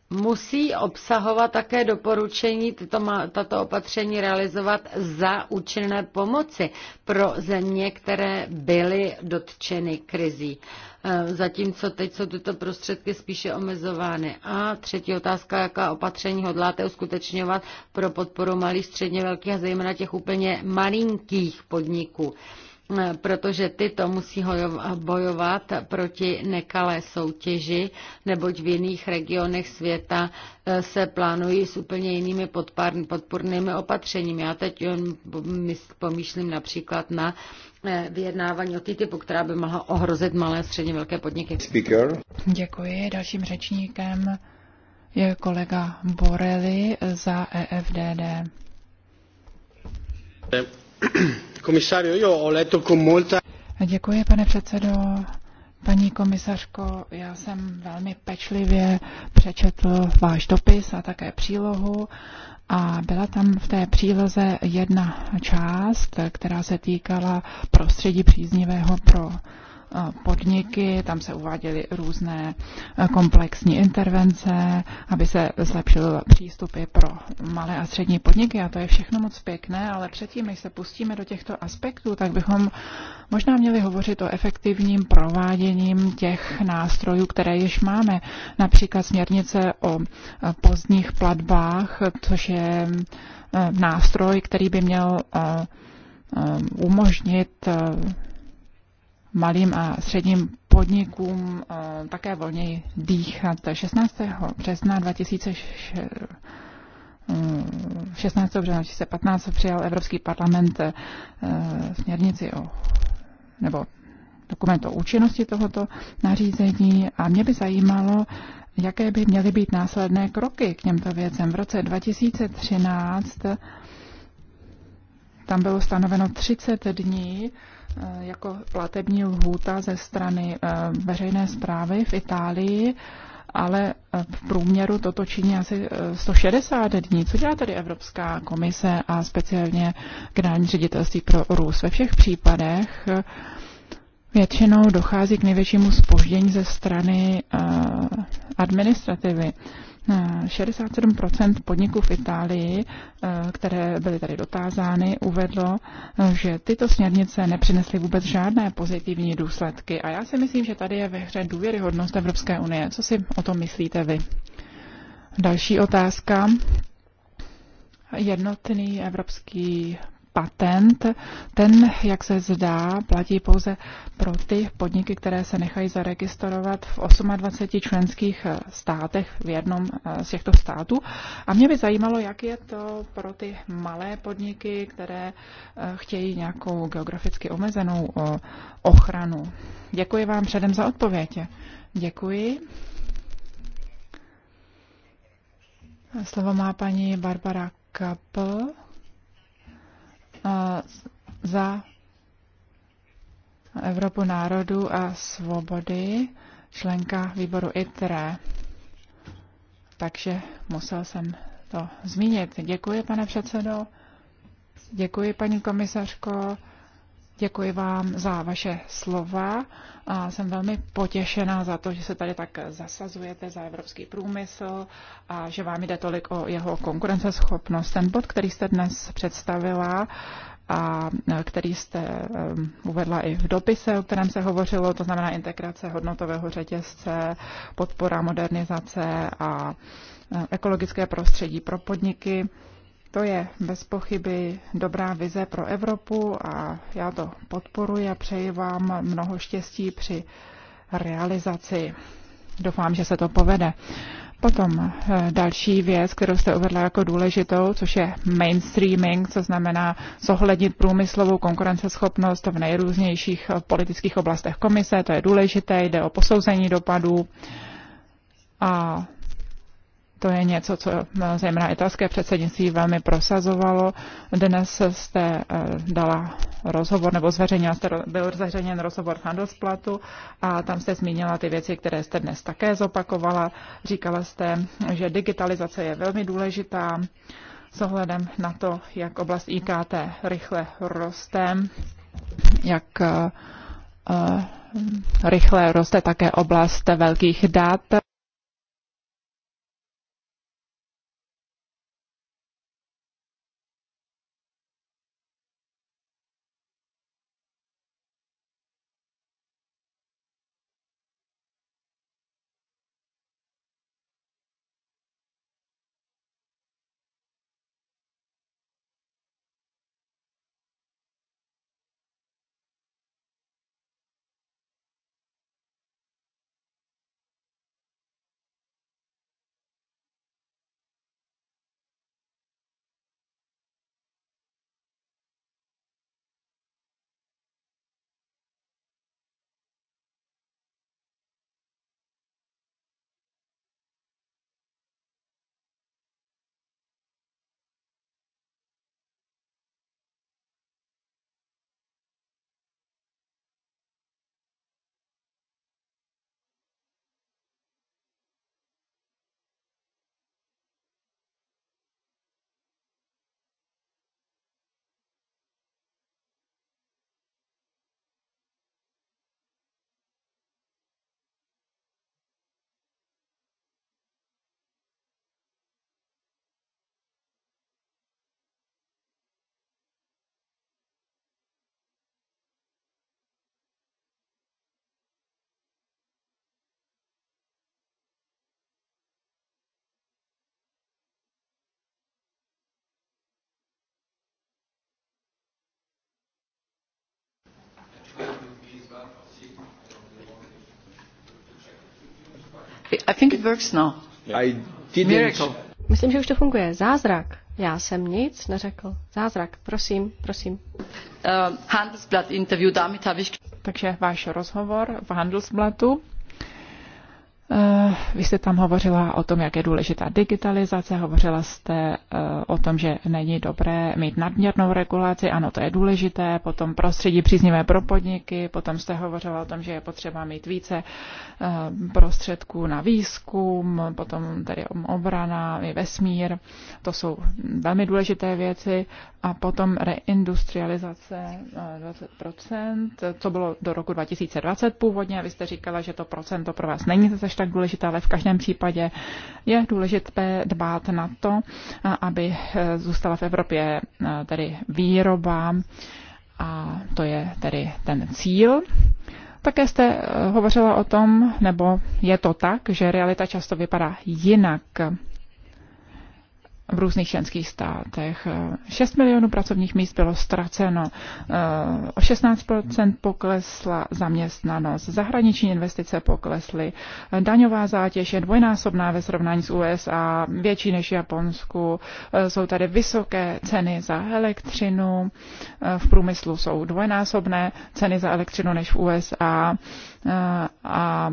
musí obsahovat také doporučení tyto, tato opatření realizovat za účinné pomoci pro země, které byly dotčeny krizí. E, zatímco teď jsou tyto prostředky spíše omezovány. A třetí otázka, jaká opatření hodláte uskutečňovat pro podporu malých, středně velkých a zejména těch úplně malinkých podniků protože tyto musí bojovat proti nekalé soutěži, neboť v jiných regionech světa e, se plánují s úplně jinými podpornými opatřeními. Já teď e, pomýšlím například na e, vyjednávání o TTIPu, která by mohla ohrozit malé a středně velké podniky. Speaker. Děkuji. Dalším řečníkem je kolega Borelli za EFDD. Komisario, io ho letto con molta... Děkuji, pane předsedo. Paní komisařko, já jsem velmi pečlivě přečetl váš dopis a také přílohu a byla tam v té příloze jedna část, která se týkala prostředí příznivého pro Eh, podniky, tam se uváděly různé eh, komplexní intervence, aby se zlepšily přístupy pro malé a střední podniky a to je všechno moc pěkné, ale předtím, než se pustíme do těchto aspektů, tak bychom možná měli hovořit o efektivním prováděním těch nástrojů, které již máme, například směrnice o eh, pozdních platbách, což je nástroj, který by měl umožnit malým a středním podnikům eh, také volněji dýchat. 16. března 2016 16. Eh, března 2015 přijal Evropský parlament eh, směrnici o, nebo dokument o účinnosti tohoto nařízení a mě by zajímalo, jaké by měly být následné kroky k těmto věcem. V roce 2013 tam bylo stanoveno 30 dní Eh, jako platební lhůta ze strany eh, veřejné zprávy v Itálii, ale eh, v průměru toto činí asi 160 dní. Co dělá tady Evropská komise a speciálně generální ředitelství pro Rus? Ve všech případech většinou dochází k největšímu spoždění ze strany administrativy. 67% eh, podniků v Itálii, eh, které byly tady dotázány, uvedlo, eh, že tyto směrnice nepřinesly vůbec žádné pozitivní důsledky. A já si myslím, že tady je ve hře důvěryhodnost Evropské unie. Co si o tom myslíte vy? Další otázka. Jednotný evropský patent, ten, jak se zdá, platí pouze pro ty podniky, které se nechají zaregistrovat v 28 členských eh, státech v jednom eh, z těchto států. A mě by zajímalo, jak je to pro ty malé podniky, které eh, chtějí nějakou geograficky omezenou ochranu. Děkuji vám předem za odpověď. Děkuji. Slovo má paní Barbara Kapl za Evropu národů a svobody, členka výboru ITRE. Takže musel jsem to zmínit. Děkuji, pane předsedo. Děkuji, paní komisařko. Děkuji vám za vaše slova. A jsem velmi potěšená za to, že se tady tak zasazujete za evropský průmysl a že vám jde tolik o jeho konkurenceschopnost. Ten bod, který jste dnes představila, a který jste uvedla i v dopise, o kterém se hovořilo, to znamená integrace hodnotového řetězce, podpora modernizace a ekologické prostředí pro podniky. To je bez pochyby dobrá vize pro Evropu a já to podporuji a přeji vám mnoho štěstí při realizaci. Doufám, že se to povede. Potom eh, další věc, kterou jste uvedla jako důležitou, což je mainstreaming, co znamená zohlednit průmyslovou konkurenceschopnost v nejrůznějších eh, politických oblastech komise. To je důležité, jde o posouzení dopadů a to je něco, co no, zejména italské předsednictví velmi prosazovalo. Dnes jste eh, dala rozhovor, nebo zveřejnila jste, byl zveřejněn rozhovor v Handelsplatu a tam jste zmínila ty věci, které jste dnes také zopakovala. Říkala jste, že digitalizace je velmi důležitá s ohledem na to, jak oblast IKT rychle roste, jak eh, eh, rychle roste také oblast velkých dat. Myslím, že už to funguje. Zázrak. Já jsem nic neřekl. Zázrak. Prosím, prosím. Uh, Handelsblatt interview, damit habe ich... Takže váš rozhovor v Handelsblattu. Eh, vy jste tam hovořila o tom, jak je důležitá digitalizace, hovořila jste eh, o tom, že není dobré mít nadměrnou regulaci, ano, to je důležité, potom prostředí příznivé pro podniky, potom jste hovořila o tom, že je potřeba mít více eh, prostředků na výzkum, potom tady obrana i vesmír, to jsou velmi důležité věci a potom reindustrializace 20%, co bylo do roku 2020 původně, a vy jste říkala, že to procento pro vás není zase tak důležité, ale v každém případě je důležité dbát na to, aby zůstala v Evropě tedy výroba a to je tedy ten cíl. Také jste eh, hovořila o tom, nebo je to tak, že realita často vypadá jinak v různých členských státech. 6 milionů pracovních míst bylo ztraceno, o 16 poklesla zaměstnanost, zahraniční investice poklesly, daňová zátěž je dvojnásobná ve srovnání s USA, větší než Japonsku, jsou tady vysoké ceny za elektřinu, v průmyslu jsou dvojnásobné ceny za elektřinu než v USA a, a, a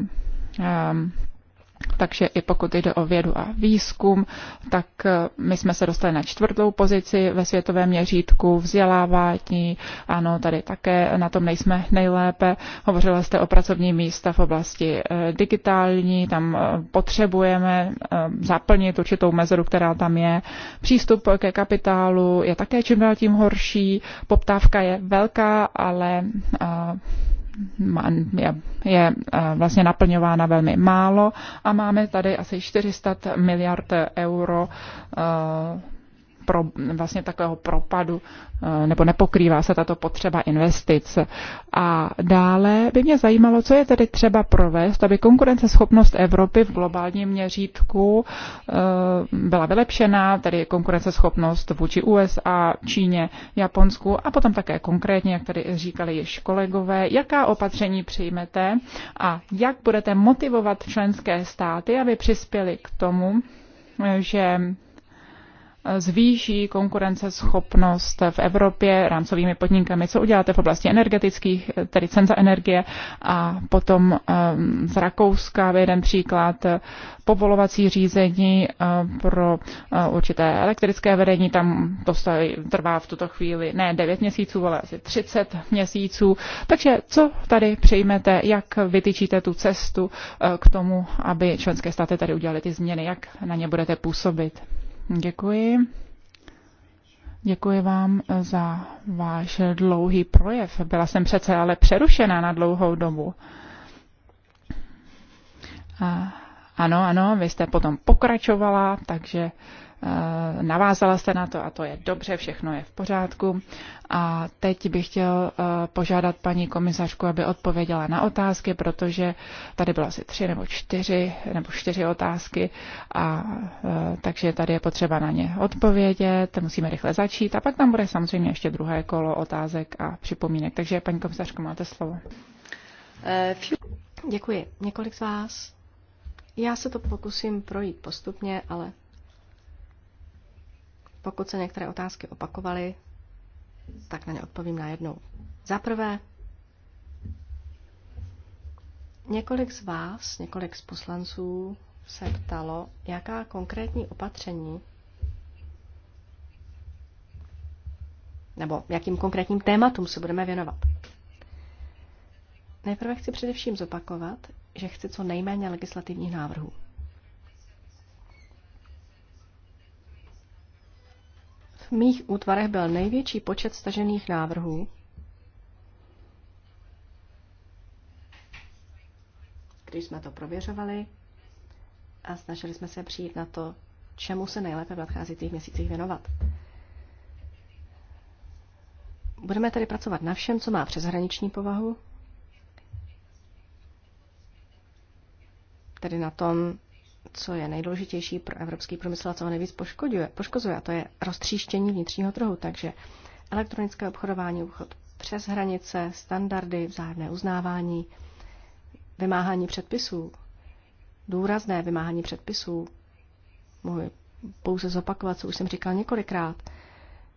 takže i pokud jde o vědu a výzkum, tak eh, my jsme se dostali na čtvrtou pozici ve světovém měřítku vzdělávání. Ano, tady také na tom nejsme nejlépe. Hovořila jste o pracovní místa v oblasti eh, digitální, tam eh, potřebujeme zaplnit určitou mezeru, která tam je. Přístup ke kapitálu je také čím dál tím horší. Poptávka je velká, ale je eh, vlastně naplňována velmi málo a máme tady asi 400 miliard euro eh, pro, vlastně takového propadu eh, nebo nepokrývá se tato potřeba investic. A dále by mě zajímalo, co je tedy třeba provést, aby konkurenceschopnost Evropy v globálním měřítku eh, byla vylepšená, tedy konkurenceschopnost vůči USA, Číně, Japonsku a potom také konkrétně, jak tady říkali již kolegové, jaká opatření přijmete a jak budete motivovat členské státy, aby přispěli k tomu, eh, že zvýší konkurenceschopnost v Evropě rámcovými podnikami, co uděláte v oblasti energetických, tedy cen za energie a potom eh, z Rakouska jeden příklad povolovací řízení eh, pro eh, určité elektrické vedení, tam to trvá v tuto chvíli ne 9 měsíců, ale asi 30 měsíců. Takže co tady přejmete, jak vytyčíte tu cestu k tomu, aby členské státy tady udělali ty změny, jak na ně budete působit? Děkuji. Děkuji vám za váš dlouhý projev. Byla jsem přece ale přerušena na dlouhou dobu. A ano, ano, vy jste potom pokračovala, takže Eh, navázala jste na to a to je dobře, všechno je v pořádku. A teď bych chtěl eh, požádat paní komisařku, aby odpověděla na otázky, protože tady bylo asi tři nebo čtyři, nebo čtyři otázky, a eh, takže tady je potřeba na ně odpovědět, musíme rychle začít a pak tam bude samozřejmě ještě druhé kolo otázek a připomínek. Takže paní komisařko, máte slovo. Děkuji. Několik z vás. Já se to pokusím projít postupně, ale pokud se některé otázky opakovaly, tak na ně odpovím najednou. Za prvé, několik z vás, několik z poslanců se ptalo, jaká konkrétní opatření nebo jakým konkrétním tématům se budeme věnovat. Nejprve chci především zopakovat, že chci co nejméně legislativních návrhů. mých útvarech byl největší počet stažených návrhů, když jsme to prověřovali a snažili jsme se přijít na to, čemu se nejlépe v nadcházejících měsících věnovat. Budeme tedy pracovat na všem, co má přeshraniční povahu, tedy na tom, co je nejdůležitější pro evropský průmysl a co ho nejvíc poškoduje, poškozuje, a to je roztříštění vnitřního trhu. Takže elektronické obchodování, obchod přes hranice, standardy, vzájemné uznávání, vymáhání předpisů, důrazné vymáhání předpisů, mohu pouze zopakovat, co už jsem říkal několikrát,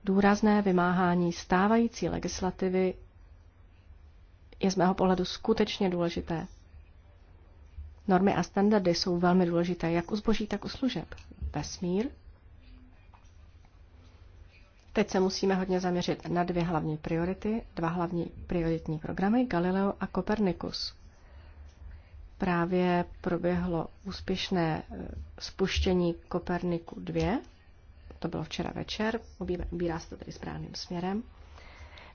důrazné vymáhání stávající legislativy je z mého pohledu skutečně důležité Normy a standardy jsou velmi důležité, jak u zboží, tak u služeb. Vesmír. Teď se musíme hodně zaměřit na dvě hlavní priority, dva hlavní prioritní programy, Galileo a Copernicus. Právě proběhlo úspěšné eh, spuštění Koperniku 2, to bylo včera večer, ubírá se to tedy správným směrem.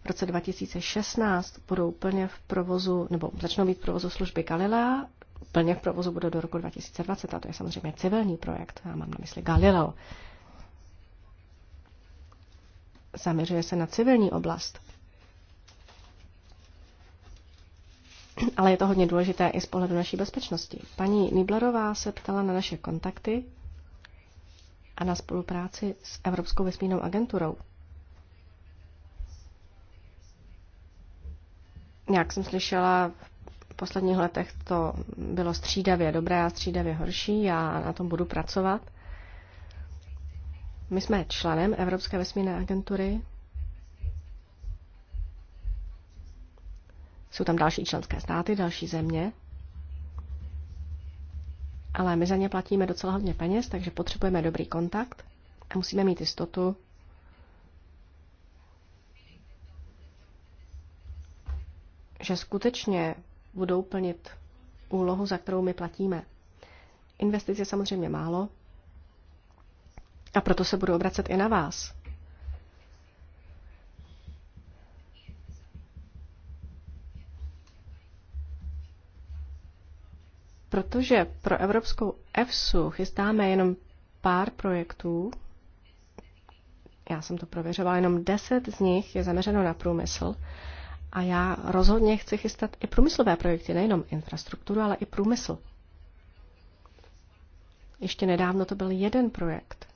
V roce 2016 budou plně v provozu, nebo začnou být v provozu služby Galilea plně v provozu bude do roku 2020, a to je samozřejmě civilní projekt, já mám na mysli Galileo. Zaměřuje se na civilní oblast. Ale je to hodně důležité i z pohledu naší bezpečnosti. Paní Niblerová se ptala na naše kontakty a na spolupráci s Evropskou vesmírnou agenturou. Jak jsem slyšela, posledních letech to bylo střídavě dobré a střídavě horší. Já na tom budu pracovat. My jsme členem Evropské vesmírné agentury. Jsou tam další členské státy, další země. Ale my za ně platíme docela hodně peněz, takže potřebujeme dobrý kontakt a musíme mít jistotu, že skutečně budou plnit úlohu, za kterou my platíme. Investic je samozřejmě málo a proto se budu obracet i na vás. Protože pro evropskou EFSU chystáme jenom pár projektů, já jsem to prověřovala, jenom deset z nich je zaměřeno na průmysl a já rozhodně chci chystat i průmyslové projekty, nejenom infrastrukturu, ale i průmysl. Ještě nedávno to byl jeden projekt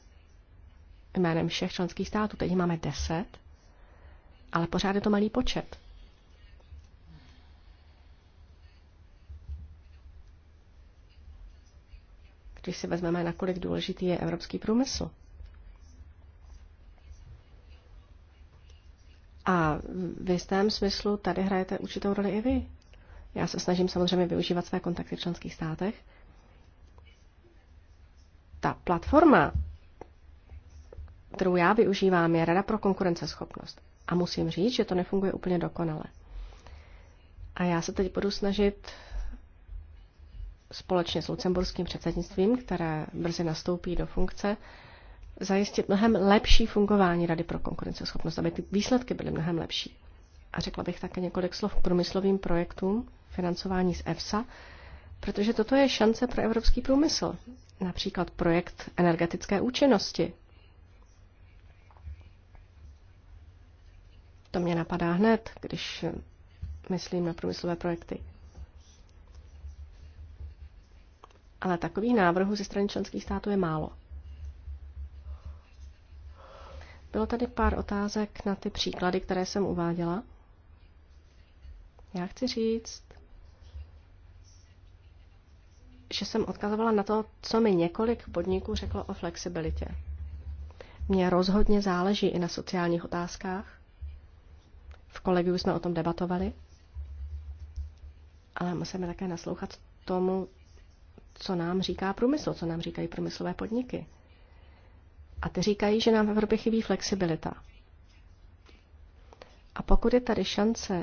jménem všech členských států. Teď máme deset, ale pořád je to malý počet. Když si vezmeme, nakolik důležitý je evropský průmysl. A v jistém smyslu tady hrajete určitou roli i vy. Já se snažím samozřejmě využívat své kontakty v členských státech. Ta platforma, kterou já využívám, je Rada pro konkurenceschopnost. A musím říct, že to nefunguje úplně dokonale. A já se teď budu snažit společně s lucemburským předsednictvím, které brzy nastoupí do funkce, zajistit mnohem lepší fungování Rady pro konkurenceschopnost, aby ty výsledky byly mnohem lepší. A řekla bych také několik slov k průmyslovým projektům, financování z EFSA, protože toto je šance pro evropský průmysl. Například projekt energetické účinnosti. To mě napadá hned, když myslím na průmyslové projekty. Ale takových návrhů ze strany členských států je málo. Bylo tady pár otázek na ty příklady, které jsem uváděla. Já chci říct, že jsem odkazovala na to, co mi několik podniků řeklo o flexibilitě. Mně rozhodně záleží i na sociálních otázkách. V kolegiu jsme o tom debatovali. Ale musíme také naslouchat tomu, co nám říká průmysl, co nám říkají průmyslové podniky. A ty říkají, že nám v Evropě chybí flexibilita. A pokud je tady šance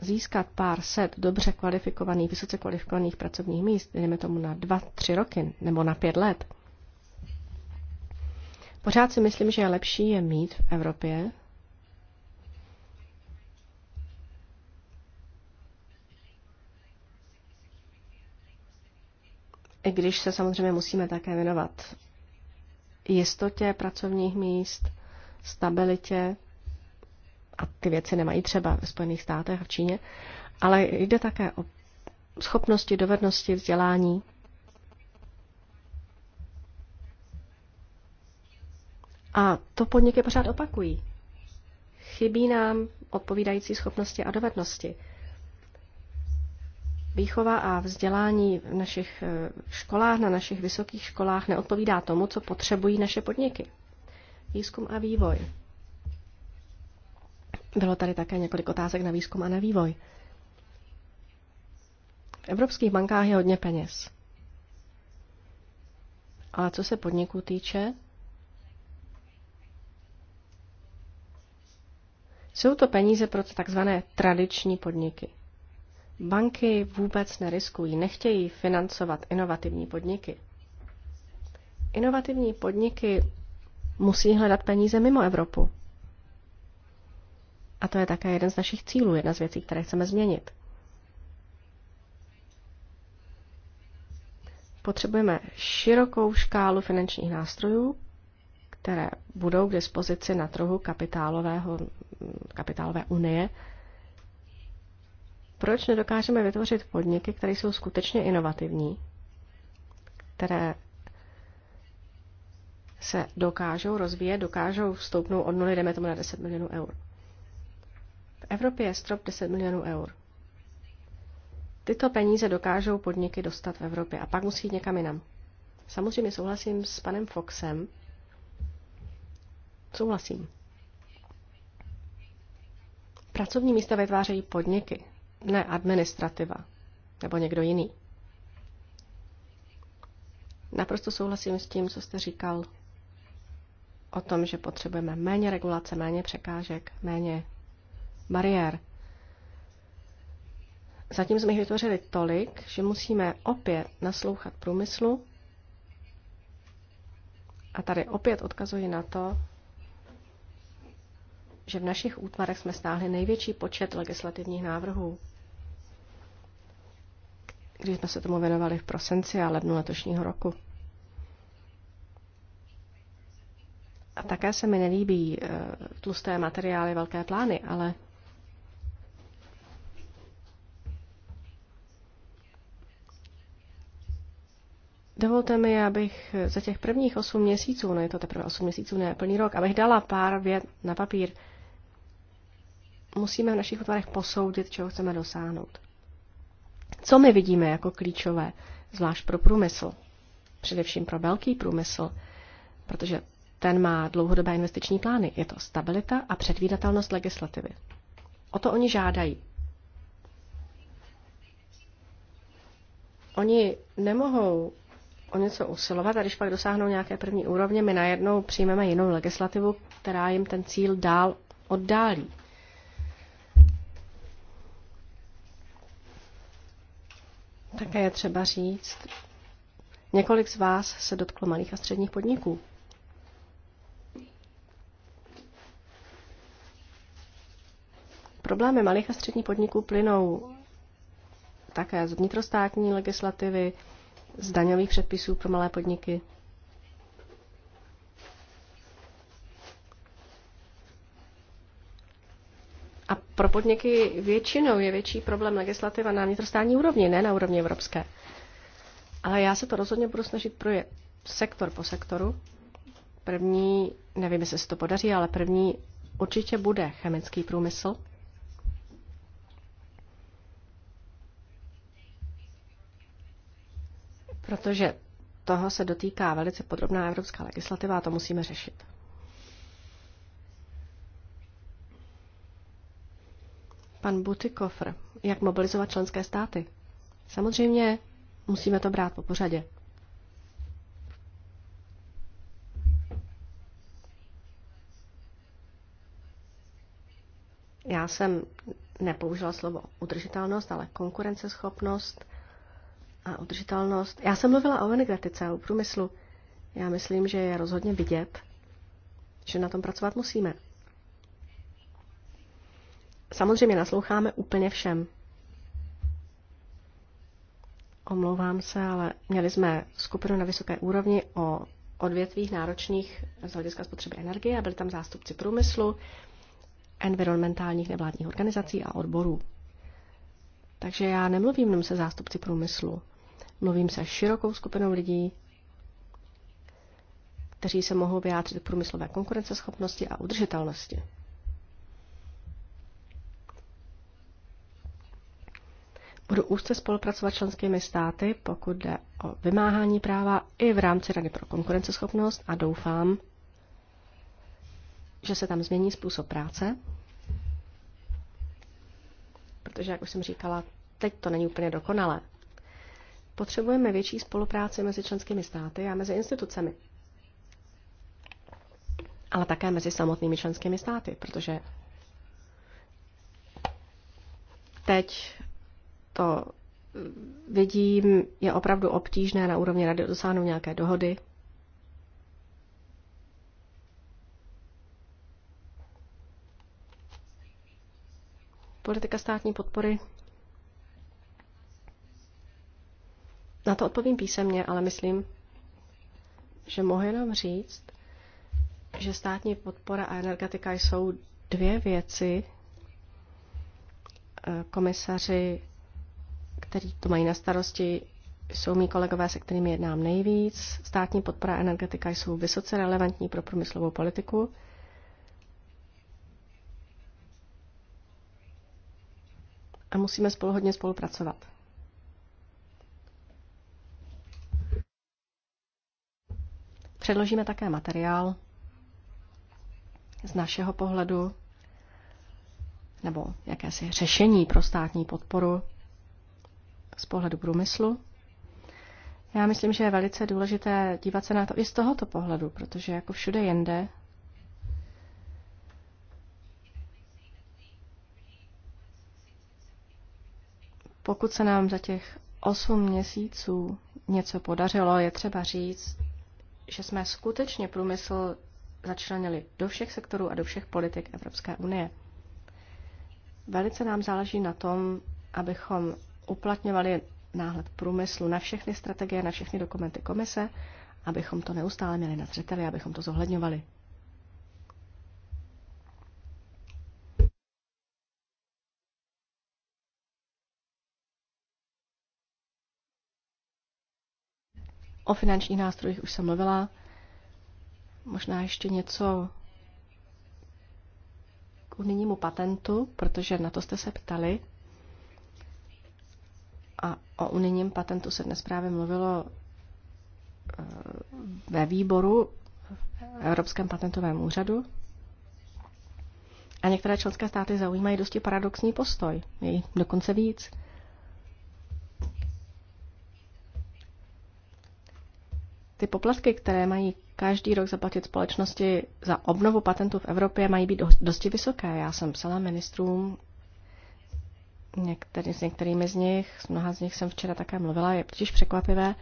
získat pár set dobře kvalifikovaných, vysoce kvalifikovaných pracovních míst, jdeme tomu na dva, tři roky nebo na pět let, pořád si myslím, že je lepší je mít v Evropě, i když se samozřejmě musíme také věnovat jistotě pracovních míst, stabilitě, a ty věci nemají třeba ve Spojených státech a v Číně, ale jde také o schopnosti, dovednosti, vzdělání. A to podniky pořád opakují. Chybí nám odpovídající schopnosti a dovednosti. Výchova a vzdělání v našich eh, školách, na našich vysokých školách neodpovídá tomu, co potřebují naše podniky. Výzkum a vývoj. Bylo tady také několik otázek na výzkum a na vývoj. V evropských bankách je hodně peněz. Ale co se podniků týče, jsou to peníze pro takzvané tradiční podniky. Banky vůbec neriskují, nechtějí financovat inovativní podniky. Inovativní podniky musí hledat peníze mimo Evropu. A to je také jeden z našich cílů, jedna z věcí, které chceme změnit. Potřebujeme širokou škálu finančních nástrojů, které budou k dispozici na trhu kapitálového, kapitálové unie, proč nedokážeme vytvořit podniky, které jsou skutečně inovativní, které se dokážou rozvíjet, dokážou vstoupnout od nuly, jdeme tomu na 10 milionů eur. V Evropě je strop 10 milionů eur. Tyto peníze dokážou podniky dostat v Evropě a pak musí jít někam jinam. Samozřejmě souhlasím s panem Foxem. Souhlasím. Pracovní místa vytvářejí podniky. Ne administrativa, nebo někdo jiný. Naprosto souhlasím s tím, co jste říkal o tom, že potřebujeme méně regulace, méně překážek, méně bariér. Zatím jsme jich vytvořili tolik, že musíme opět naslouchat průmyslu. A tady opět odkazuji na to, že v našich útvarech jsme stáhli největší počet legislativních návrhů když jsme se tomu věnovali v prosinci a lednu letošního roku. A také se mi nelíbí eh, tlusté materiály, velké plány, ale Dovolte mi, abych za těch prvních osm měsíců, no je to teprve osm měsíců, ne plný rok, abych dala pár vět na papír. Musíme v našich otvarech posoudit, čeho chceme dosáhnout. Co my vidíme jako klíčové, zvlášť pro průmysl, především pro velký průmysl, protože ten má dlouhodobé investiční plány. Je to stabilita a předvídatelnost legislativy. O to oni žádají. Oni nemohou o něco usilovat a když pak dosáhnou nějaké první úrovně, my najednou přijmeme jinou legislativu, která jim ten cíl dál oddálí. Také je třeba říct, několik z vás se dotklo malých a středních podniků. Problémy malých a středních podniků plynou také z vnitrostátní legislativy, z daňových předpisů pro malé podniky. A pro podniky většinou je větší problém legislativa na vnitrostátní úrovni, ne na úrovni evropské. Ale já se to rozhodně budu snažit projet sektor po sektoru. První, nevím, jestli se to podaří, ale první určitě bude chemický průmysl. Protože toho se dotýká velice podrobná evropská legislativa a to musíme řešit. Pan Butikofr, jak mobilizovat členské státy? Samozřejmě musíme to brát po pořadě. Já jsem nepoužila slovo udržitelnost, ale konkurenceschopnost a udržitelnost. Já jsem mluvila o energetice a o průmyslu. Já myslím, že je rozhodně vidět, že na tom pracovat musíme. Samozřejmě nasloucháme úplně všem. Omlouvám se, ale měli jsme skupinu na vysoké úrovni o odvětvích náročných z hlediska spotřeby energie a byli tam zástupci průmyslu, environmentálních nevládních organizací a odborů. Takže já nemluvím jenom se zástupci průmyslu, mluvím se širokou skupinou lidí, kteří se mohou vyjádřit k průmyslové konkurenceschopnosti a udržitelnosti. Budu úzce spolupracovat s členskými státy, pokud jde o vymáhání práva i v rámci Rady pro konkurenceschopnost a doufám, že se tam změní způsob práce, protože, jak už jsem říkala, teď to není úplně dokonalé. Potřebujeme větší spolupráci mezi členskými státy a mezi institucemi, ale také mezi samotnými členskými státy, protože teď to eh, vidím, je opravdu obtížné na úrovni rady dosáhnout nějaké dohody. Politika státní podpory. Na to odpovím písemně, ale myslím, že mohu jenom říct, že státní podpora a energetika jsou dvě věci. Eh, komisaři kteří to mají na starosti, jsou mý kolegové, se kterými jednám nejvíc. Státní podpora a energetika jsou vysoce relevantní pro průmyslovou politiku. A musíme spolu hodně spolupracovat. Předložíme také materiál z našeho pohledu nebo jakési řešení pro státní podporu z pohledu průmyslu. Já myslím, že je velice důležité dívat se na to i z tohoto pohledu, protože jako všude jinde pokud se nám za těch 8 měsíců něco podařilo, je třeba říct, že jsme skutečně průmysl začlenili do všech sektorů a do všech politik Evropské unie. Velice nám záleží na tom, abychom uplatňovali náhled průmyslu na všechny strategie, na všechny dokumenty komise, abychom to neustále měli na zřeteli, abychom to zohledňovali. O finančních nástrojích už jsem mluvila. Možná ještě něco k unijnímu patentu, protože na to jste se ptali. O unijním patentu se dnes právě mluvilo eh, ve výboru v Evropském patentovém úřadu. A některé členské státy zaujímají dosti paradoxní postoj, je dokonce víc. Ty poplatky, které mají každý rok zaplatit společnosti za obnovu patentů v Evropě, mají být dosti vysoké. Já jsem psala ministrům Některý, s některými z nich, s mnoha z nich jsem včera také mluvila, je totiž překvapivé,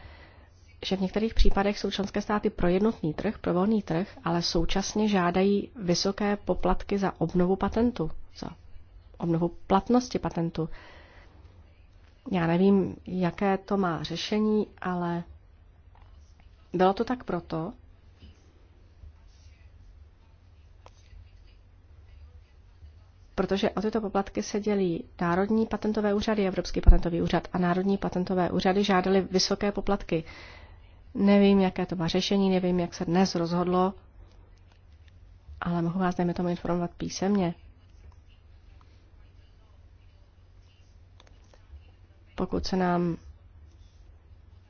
že v některých případech jsou členské státy pro jednotný trh, pro volný trh, ale současně žádají vysoké poplatky za obnovu patentu, za obnovu platnosti patentu. Já nevím, jaké to má řešení, ale bylo to tak proto, protože o tyto poplatky se dělí Národní patentové úřady, Evropský patentový úřad a Národní patentové úřady žádali vysoké poplatky. Nevím, jaké to má řešení, nevím, jak se dnes rozhodlo, ale mohu vás, dejme tomu, informovat písemně. Pokud se nám,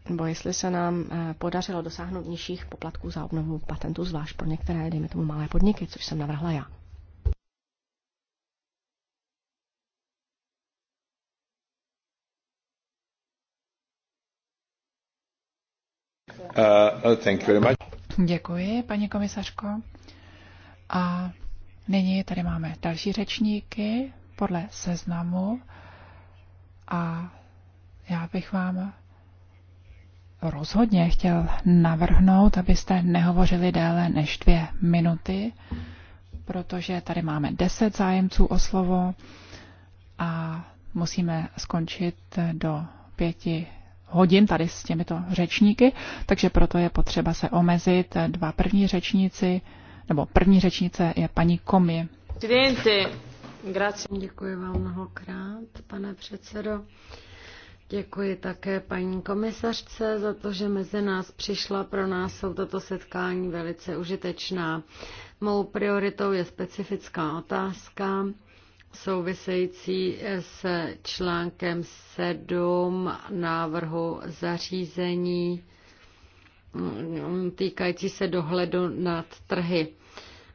nebo jestli se nám eh, podařilo dosáhnout nižších poplatků za obnovu patentů, zvlášť pro některé, dejme tomu, malé podniky, což jsem navrhla já. Uh, uh, thank you very much. Děkuji, paní komisařko. A nyní tady máme další řečníky podle seznamu a já bych vám rozhodně chtěl navrhnout, abyste nehovořili déle než dvě minuty, protože tady máme deset zájemců o slovo a musíme skončit do pěti hodin tady s těmito řečníky, takže proto je potřeba se omezit. Dva první řečníci, nebo první řečnice je paní Komi. Děkuji vám mnohokrát, pane předsedo. Děkuji také paní komisařce za to, že mezi nás přišla. Pro nás jsou toto setkání velice užitečná. Mou prioritou je specifická otázka související s článkem 7 návrhu zařízení mm, týkající se dohledu nad trhy.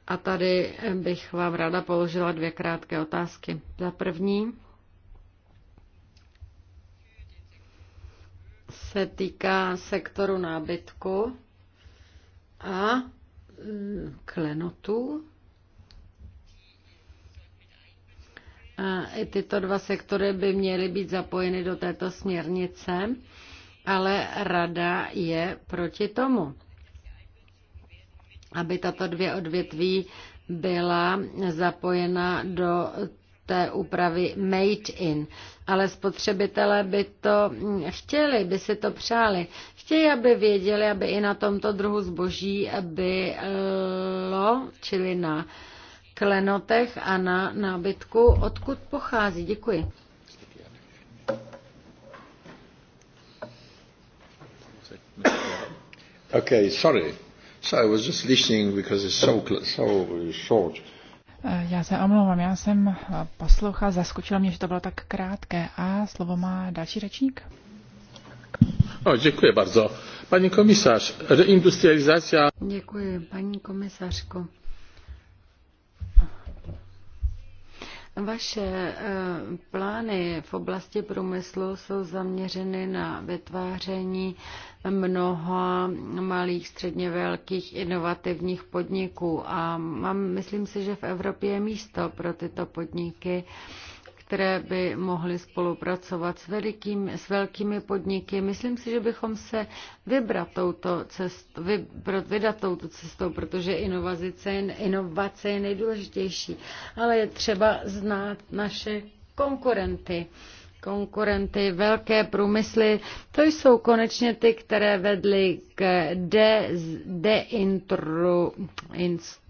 A tady bych vám ráda položila dvě krátké otázky. Za první se týká sektoru nábytku a mm, klenotů. I tyto dva sektory by měly být zapojeny do této směrnice, ale rada je proti tomu, aby tato dvě odvětví byla zapojena do té úpravy made in, ale spotřebitelé by to chtěli, by si to přáli. Chtějí, aby věděli, aby i na tomto druhu zboží bylo, čili na uh, klenotech a na nábytku. Odkud pochází? Děkuji. Okay, sorry. So I was just listening because it's so, so short. Eh, já se omlouvám, já jsem eh, poslouchal, zaskočilo mě, že to bylo tak krátké. A slovo má další řečník. O, děkuji bardzo. Pani komisař, reindustrializace... Děkuji, paní komisařko. Vaše eh, plány v oblasti průmyslu jsou zaměřeny na vytváření mnoha malých, středně velkých inovativních podniků a mám, myslím si, že v Evropě je místo pro tyto podniky které by mohly spolupracovat s, velikým, s velkými podniky. Myslím si, že bychom se vybrat touto cestou, vybrat, vydat touto cestou, protože inovace, inovace je nejdůležitější. Ale je třeba znát naše konkurenty konkurenty, velké průmysly, to jsou konečně ty, které vedly k de, deintru, inst,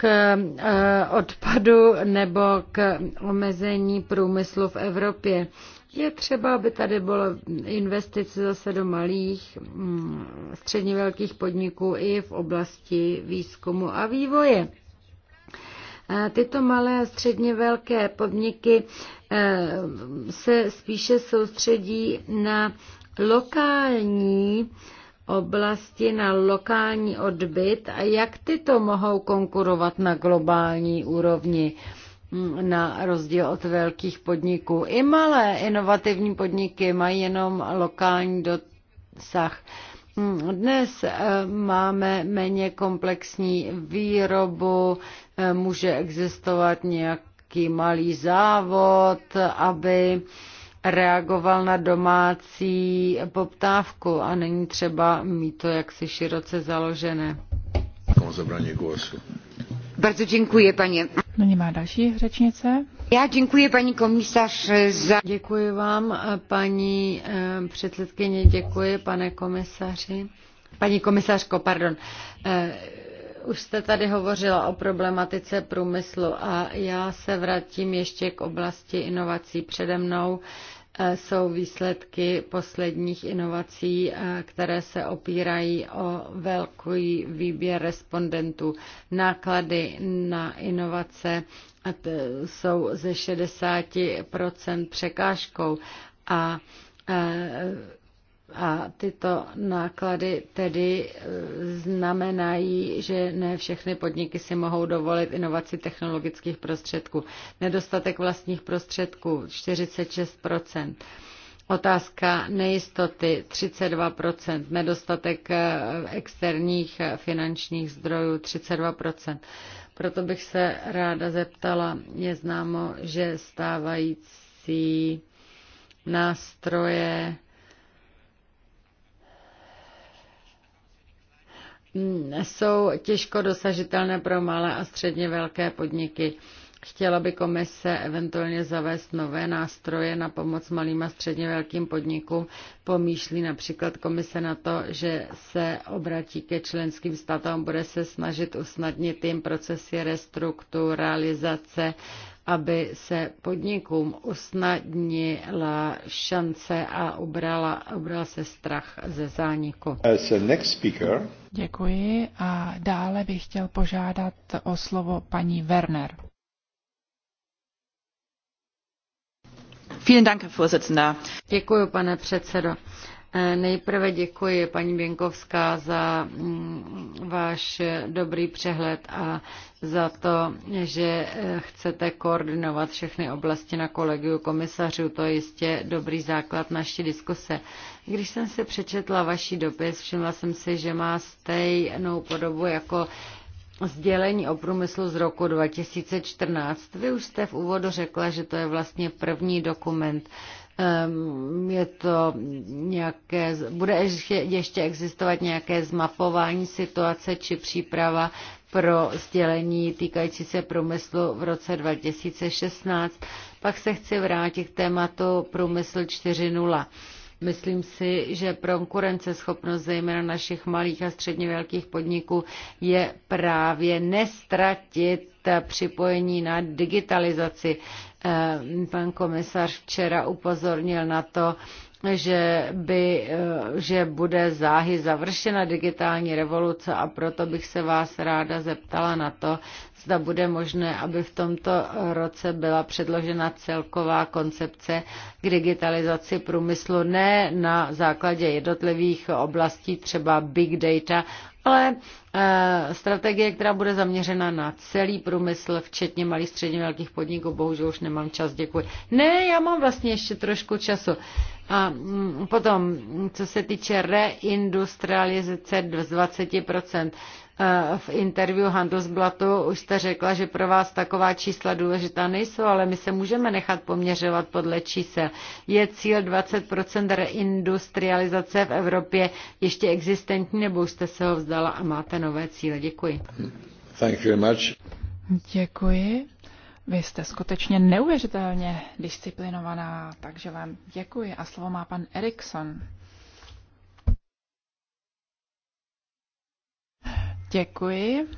k eh, odpadu nebo k omezení průmyslu v Evropě. Je třeba, aby tady bylo investice zase do malých, mm, středně velkých podniků i v oblasti výzkumu a vývoje. Eh, tyto malé a středně velké podniky eh, se spíše soustředí na lokální oblasti na lokální odbyt a jak tyto mohou konkurovat na globální úrovni hm, na rozdíl od velkých podniků. I malé inovativní podniky mají jenom lokální dosah. Hm, dnes eh, máme méně komplexní výrobu, eh, může existovat nějaký malý závod, aby reagoval na domácí poptávku a není třeba mít to jaksi široce založené. Bardzo dziękuję panie. nie ma další řečnice. Já děkuji paní komisař za... Děkuji vám paní eh, předsedkyně, děkuji pane komisaři. Paní komisařko, pardon. Eh, už jste tady hovořila o problematice průmyslu a já se vrátím ještě k oblasti inovací. Přede mnou eh, jsou výsledky posledních inovací, eh, které se opírají o velký výběr respondentů. Náklady na inovace eh, jsou ze 60% překážkou a a tyto náklady tedy e, znamenají, že ne všechny podniky si mohou dovolit inovaci technologických prostředků. Nedostatek vlastních prostředků 46 Otázka nejistoty 32%, nedostatek e, externích finančních zdrojů 32%. Proto bych se ráda zeptala, je známo, že stávající nástroje jsou těžko dosažitelné pro malé a středně velké podniky. Chtěla by komise eventuálně zavést nové nástroje na pomoc malým a středně velkým podnikům. Pomýšlí například komise na to, že se obratí ke členským státům, bude se snažit usnadnit jim procesy restrukturalizace aby se podnikům usnadnila šance a ubrala, ubral se strach ze zániku. Děkuji a dále bych chtěl požádat o slovo paní Werner. Děkuji, pane předsedo E, nejprve děkuji paní Běnkovská za mm, váš dobrý přehled a za to, že e, chcete koordinovat všechny oblasti na kolegiu komisařů. To je jistě dobrý základ naší diskuse. Když jsem si přečetla vaší dopis, všimla jsem si, že má stejnou podobu jako sdělení o průmyslu z roku 2014. Vy už jste v úvodu řekla, že to je vlastně první dokument Ehm, je to nějaké, bude ještě existovat nějaké zmapování situace či příprava pro sdělení týkající se průmyslu v roce 2016. Pak se chci vrátit k tématu průmysl Myslím si, že pro konkurenceschopnost zejména našich malých a středně velkých podniků je právě nestratit připojení na digitalizaci. Eh, pan komisař včera upozornil na to, že, by, eh, že bude záhy završena digitální revoluce a proto bych se vás ráda zeptala na to, zda bude možné, aby v tomto roce byla předložena celková koncepce k digitalizaci průmyslu ne na základě jednotlivých oblastí, třeba big data, ale eh, strategie, která bude zaměřena na celý průmysl, včetně malých středně velkých podniků, bohužel už nemám čas, děkuji. Ne, já mám vlastně ještě trošku času. A mm, potom, co se týče reindustrializace 20%, Eh, v interview Handelsblatu už jste řekla, že pro vás taková čísla důležitá nejsou, ale my se můžeme nechat poměřovat podle čísel. Je cíl 20% reindustrializace v Evropě ještě existentní, nebo už jste se ho vzdala a máte nové cíle? Děkuji. Thank you very much. Děkuji. Vy jste skutečně neuvěřitelně disciplinovaná, takže vám děkuji. A slovo má pan Erikson. Děkuji.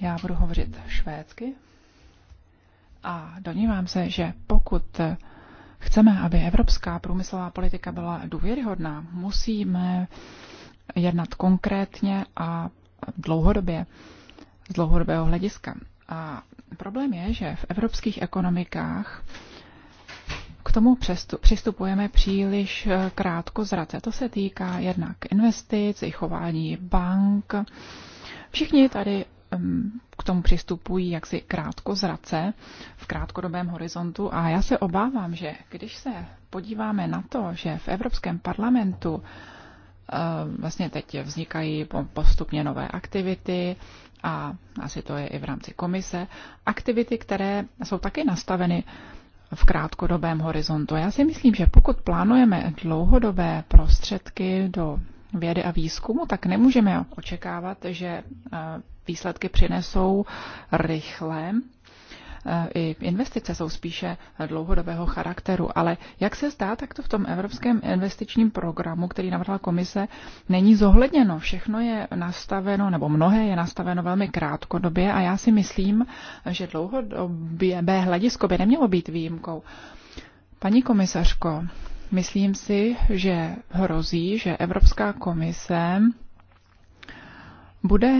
Já budu hovořit švédsky a donívám se, že pokud chceme, aby evropská průmyslová politika byla důvěryhodná, musíme jednat konkrétně a dlouhodobě, z dlouhodobého hlediska. A problém je, že v evropských ekonomikách k tomu přistupujeme příliš eh, krátko zrace. To se týká jednak investic, i chování bank. Všichni tady mm, k tomu přistupují jaksi krátko zrace, v krátkodobém horizontu. A já se obávám, že když se podíváme na to, že v Evropském parlamentu eh, vlastně teď vznikají postupně nové aktivity a asi to je i v rámci komise, aktivity, které jsou taky nastaveny v krátkodobém horizontu. Já si myslím, že pokud plánujeme dlouhodobé prostředky do vědy a výzkumu, tak nemůžeme očekávat, že eh, výsledky přinesou rychle i investice jsou spíše dlouhodobého charakteru, ale jak se zdá, tak to v tom Evropském investičním programu, který navrhla komise, není zohledněno. Všechno je nastaveno, nebo mnohé je nastaveno velmi krátkodobě a já si myslím, že dlouhodobě B hledisko by nemělo být výjimkou. Paní komisařko, myslím si, že hrozí, že Evropská komise bude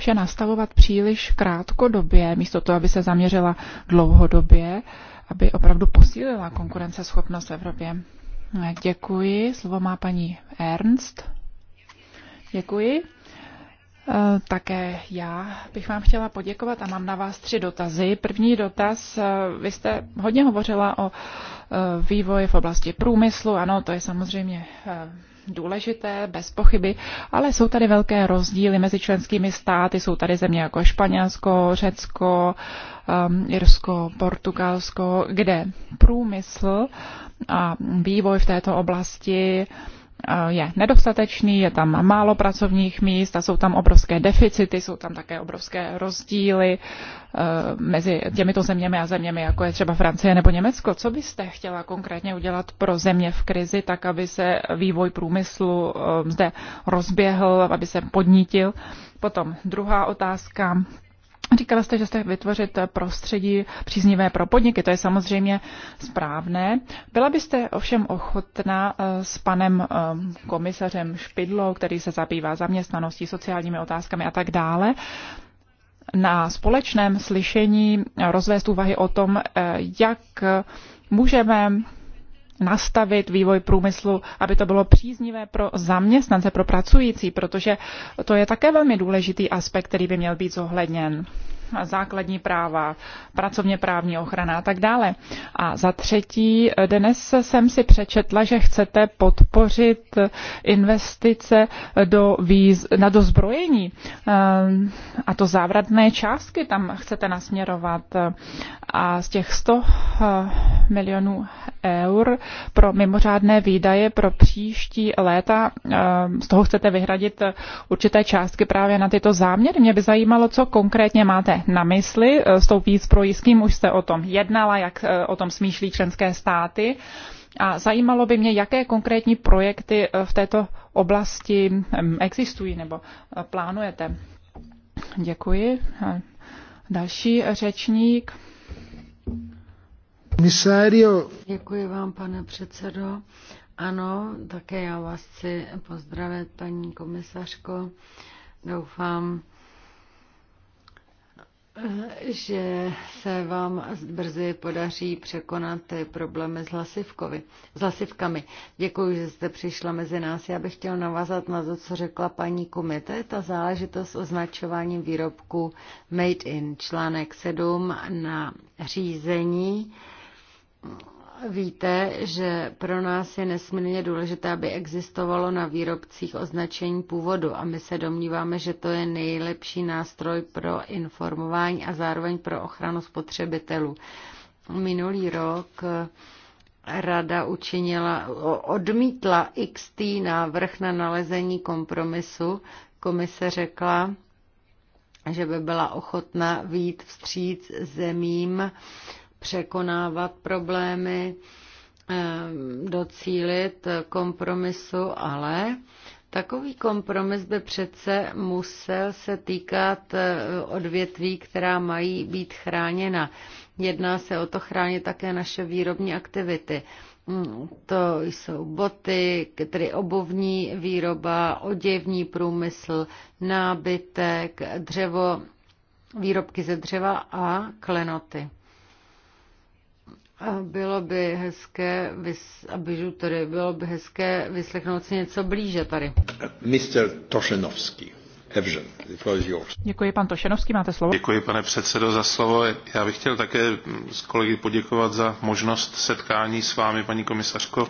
vše nastavovat příliš krátkodobě, místo toho, aby se zaměřila dlouhodobě, aby opravdu posílila konkurenceschopnost v Evropě. No, děkuji. Slovo má paní Ernst. Děkuji. E, také já bych vám chtěla poděkovat a mám na vás tři dotazy. První dotaz, e, vy jste hodně hovořila o e, vývoji v oblasti průmyslu, ano, to je samozřejmě důležité, bez pochyby, ale jsou tady velké rozdíly mezi členskými státy. Jsou tady země jako Španělsko, Řecko, um, Irsko, Portugalsko, kde průmysl a vývoj v této oblasti um, je nedostatečný, je tam málo pracovních míst a jsou tam obrovské deficity, jsou tam také obrovské rozdíly e, mezi těmito zeměmi a zeměmi, jako je třeba Francie nebo Německo. Co byste chtěla konkrétně udělat pro země v krizi, tak aby se vývoj průmyslu e, zde rozběhl, aby se podnítil? Potom druhá otázka Říkala jste, že jste vytvořit prostředí příznivé pro podniky, to je samozřejmě správné. Byla byste ovšem ochotná eh, s panem eh, komisařem Špidlou, který se zabývá zaměstnaností, sociálními otázkami a tak dále, na společném slyšení eh, rozvést úvahy o tom, jak můžeme nastavit vývoj průmyslu, aby to bylo příznivé pro zaměstnance, pro pracující, protože to je také velmi důležitý aspekt, který by měl být zohledněn základní práva, pracovně právní ochrana a tak dále. A za třetí, dnes jsem si přečetla, že chcete podpořit investice do výz, na dozbrojení eh, a to závratné částky tam chcete nasměrovat a z těch 100 eh, milionů eur pro mimořádné výdaje pro příští léta, eh, z toho chcete vyhradit určité částky právě na tyto záměry. Mě by zajímalo, co konkrétně máte na mysli eh, s tou víc s kým už jste o tom jednala, jak eh, o tom smýšlí členské státy. A zajímalo by mě, jaké konkrétní projekty eh, v této oblasti existují nebo plánujete. Děkuji. Další řečník. Misario. Děkuji vám, pane předsedo. Ano, také já vás chci pozdravit, paní komisařko. Doufám, že se vám brzy podaří překonat ty problémy s, hlasivkovi, s hlasivkami. Děkuji, že jste přišla mezi nás. Já bych chtěl navázat na to, co řekla paní Kumy. To je ta záležitost s označováním výrobku Made in článek 7 na řízení Víte, že pro nás je nesmírně důležité, aby existovalo na výrobcích označení původu a my se domníváme, že to je nejlepší nástroj pro informování a zároveň pro ochranu spotřebitelů. Minulý rok rada učinila, odmítla XT návrh na nalezení kompromisu. Komise řekla, že by byla ochotna výjít vstříc zemím, překonávat problémy, eh, docílit kompromisu, ale Takový kompromis by přece musel se týkat eh, odvětví, která mají být chráněna. Jedná se o to chránit také naše výrobní aktivity. Mm, to jsou boty, tedy obovní výroba, oděvní průmysl, nábytek, dřevo, výrobky ze dřeva a klenoty. Bylo by hezké, aby tady, bylo by hezké vyslechnout si něco blíže tady. Mr. Tošenovský. Evžen, Děkuji, pan Tošenovský, máte slovo. Děkuji, pane předsedo, za slovo. Já bych chtěl také s kolegy poděkovat za možnost setkání s vámi, paní komisařko.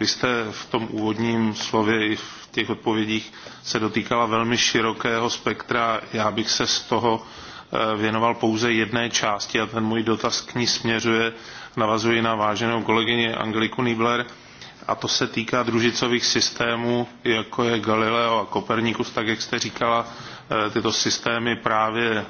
Vy jste v tom úvodním slově i v těch odpovědích se dotýkala velmi širokého spektra. Já bych se z toho eh, věnoval pouze jedné části a ten můj dotaz k ní směřuje navazuji na váženou kolegyně Angeliku Niebler, a to se týká družicových systémů, jako je Galileo a Kopernikus, tak jak jste říkala, eh, tyto systémy právě eh,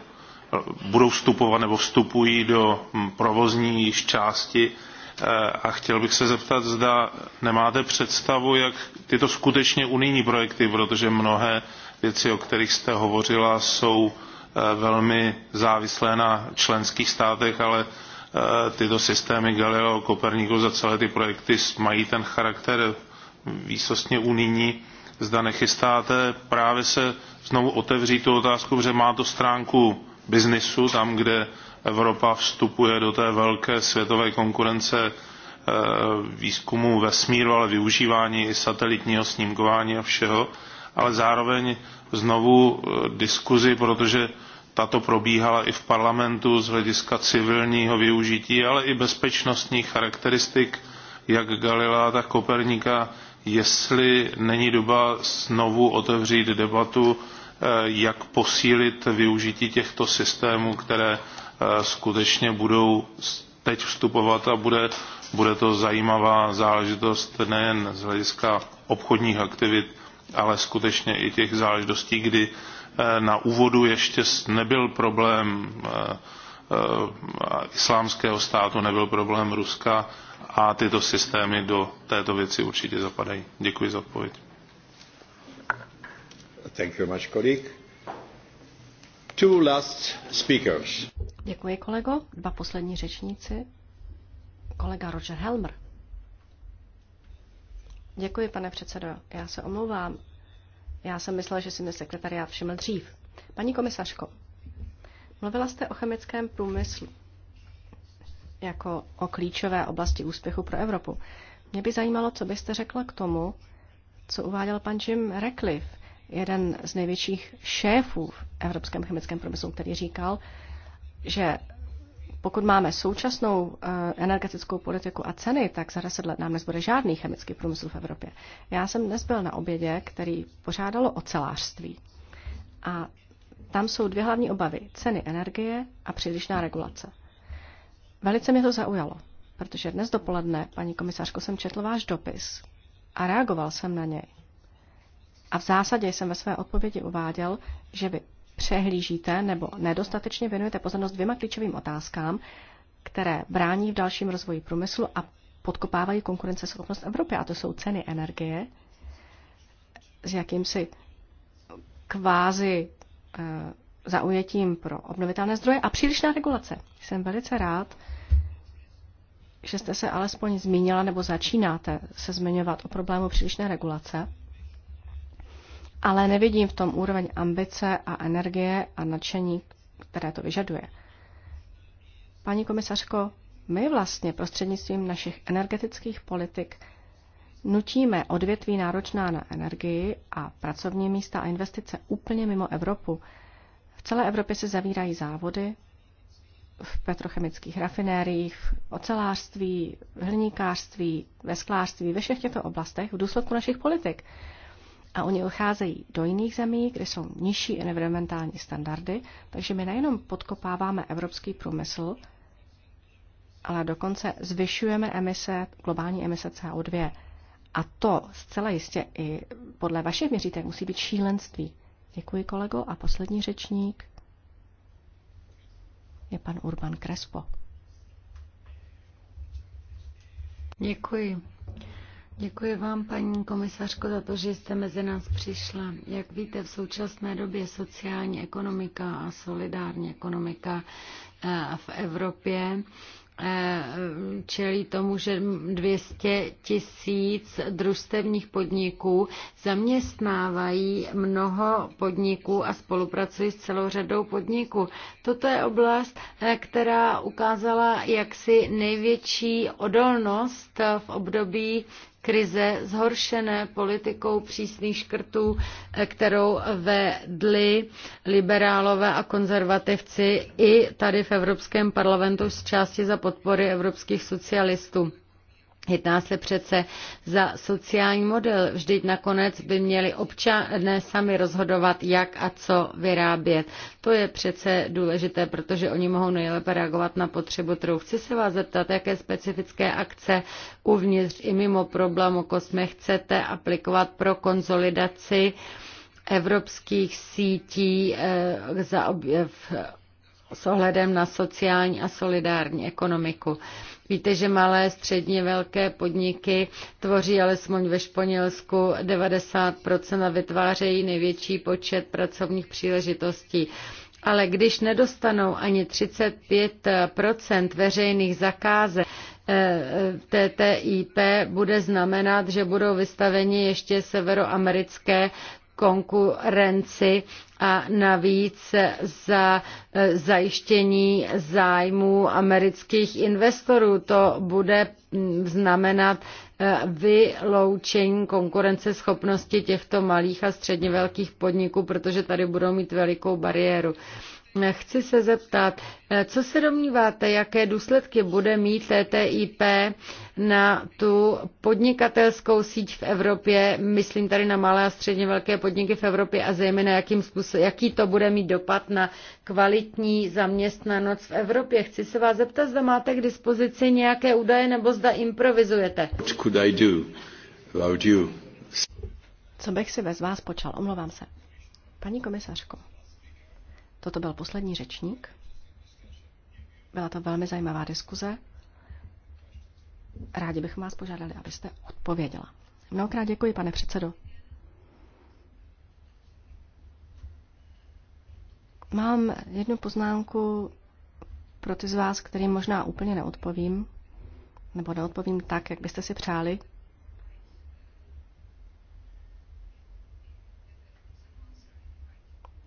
budou vstupovat nebo vstupují do hm, provozní části eh, a chtěl bych se zeptat, zda nemáte představu, jak tyto skutečně unijní projekty, protože mnohé věci, o kterých jste hovořila, jsou velmi závislé na členských státech, ale Eh, tyto systémy Galileo a Koperniku za celé ty projekty mají ten charakter výsostně unijní. Zda nechystáte právě se znovu otevřít tu otázku, že má to stránku biznisu, tam, kde Evropa vstupuje do té velké světové konkurence eh, výzkumu vesmíru, ale využívání i satelitního snímkování a všeho, ale zároveň znovu eh, diskuzi, protože tato probíhala i v parlamentu z hlediska civilního využití, ale i bezpečnostních charakteristik jak Galilea, tak Koperníka, jestli není doba znovu otevřít debatu, eh, jak posílit využití těchto systémů, které eh, skutečně budou teď vstupovat a bude, bude to zajímavá záležitost nejen z hlediska obchodních aktivit, ale skutečně i těch záležitostí, kdy Eh, na úvodu ještě nebyl problém eh, eh, islámského státu, nebyl problém Ruska a tyto systémy do této věci určitě zapadají. Děkuji za odpověď. Thank you much, colleague. Two last speakers. Děkuji, kolego. Dva poslední řečníci. Kolega Roger Helmer. Děkuji, pane předsedo. Já se omlouvám, já jsem myslela, že si mě sekretariát všiml dřív. Paní komisařko, mluvila jste o chemickém průmyslu jako o klíčové oblasti úspěchu pro Evropu. Mě by zajímalo, co byste řekla k tomu, co uváděl pan Jim Radcliffe, jeden z největších šéfů v evropském chemickém průmyslu, který říkal, že pokud máme současnou eh, energetickou politiku a ceny, tak za 10 let nám nezbude žádný chemický průmysl v Evropě. Já jsem dnes byl na obědě, který pořádalo ocelářství. A tam jsou dvě hlavní obavy. Ceny energie a přílišná regulace. Velice mě to zaujalo, protože dnes dopoledne, paní komisářko, jsem četl váš dopis a reagoval jsem na něj. A v zásadě jsem ve své odpovědi uváděl, že by přehlížíte nebo nedostatečně věnujete pozornost dvěma klíčovým otázkám, které brání v dalším rozvoji průmyslu a podkopávají konkurenceschopnost Evropy. A to jsou ceny energie s jakýmsi kvázi e, zaujetím pro obnovitelné zdroje a přílišná regulace. Jsem velice rád, že jste se alespoň zmínila nebo začínáte se zmiňovat o problému přílišné regulace ale nevidím v tom úroveň ambice a energie a nadšení, které to vyžaduje. Paní komisařko, my vlastně prostřednictvím našich energetických politik nutíme odvětví náročná na energii a pracovní místa a investice úplně mimo Evropu. V celé Evropě se zavírají závody v petrochemických rafinériích, v ocelářství, v hliníkářství, ve sklářství, ve všech těchto oblastech v důsledku našich politik a oni odcházejí do jiných zemí, kde jsou nižší environmentální standardy, takže my nejenom podkopáváme evropský průmysl, ale dokonce zvyšujeme emise, globální emise CO2. A to zcela jistě i podle vašich měřítek musí být šílenství. Děkuji, kolego. A poslední řečník je pan Urban Krespo. Děkuji. Děkuji vám, paní komisařko, za to, že jste mezi nás přišla. Jak víte, v současné době sociální ekonomika a solidární ekonomika eh, v Evropě eh, čelí tomu, že 200 tisíc družstevních podniků zaměstnávají mnoho podniků a spolupracují s celou řadou podniků. Toto je oblast, eh, která ukázala jaksi největší odolnost v období krize zhoršené politikou přísných škrtů, eh, kterou vedli liberálové a konzervativci i tady v Evropském parlamentu z části za podpory evropských socialistů. Jedná se přece za sociální model. Vždyť nakonec by měli občané sami rozhodovat, jak a co vyrábět. To je přece důležité, protože oni mohou nejlépe reagovat na potřebu trhu. Chci se vás zeptat, jaké specifické akce uvnitř i mimo problému kosme chcete aplikovat pro konzolidaci evropských sítí eh, za objev, s ohledem na sociální a solidární ekonomiku. Víte, že malé, středně velké podniky tvoří alespoň ve Španělsku 90% a vytvářejí největší počet pracovních příležitostí. Ale když nedostanou ani 35 veřejných zakázek, eh, TTIP bude znamenat, že budou vystaveni ještě severoamerické konkurenci a navíc za e, zajištění zájmů amerických investorů. To bude znamenat e, vyloučení konkurenceschopnosti těchto malých a středně velkých podniků, protože tady budou mít velikou bariéru. Chci se zeptat, co se domníváte, jaké důsledky bude mít TTIP na tu podnikatelskou síť v Evropě, myslím tady na malé a středně velké podniky v Evropě a zejména jakým způsob, jaký to bude mít dopad na kvalitní zaměstnanost v Evropě. Chci se vás zeptat, zda máte k dispozici nějaké údaje nebo zda improvizujete. Co bych si bez vás počal? Omlouvám se. Paní komisařko. Toto byl poslední řečník. Byla to velmi zajímavá diskuze. Rádi bychom vás požádali, abyste odpověděla. Mnohokrát děkuji, pane předsedo. Mám jednu poznámku pro ty z vás, kterým možná úplně neodpovím, nebo neodpovím tak, jak byste si přáli.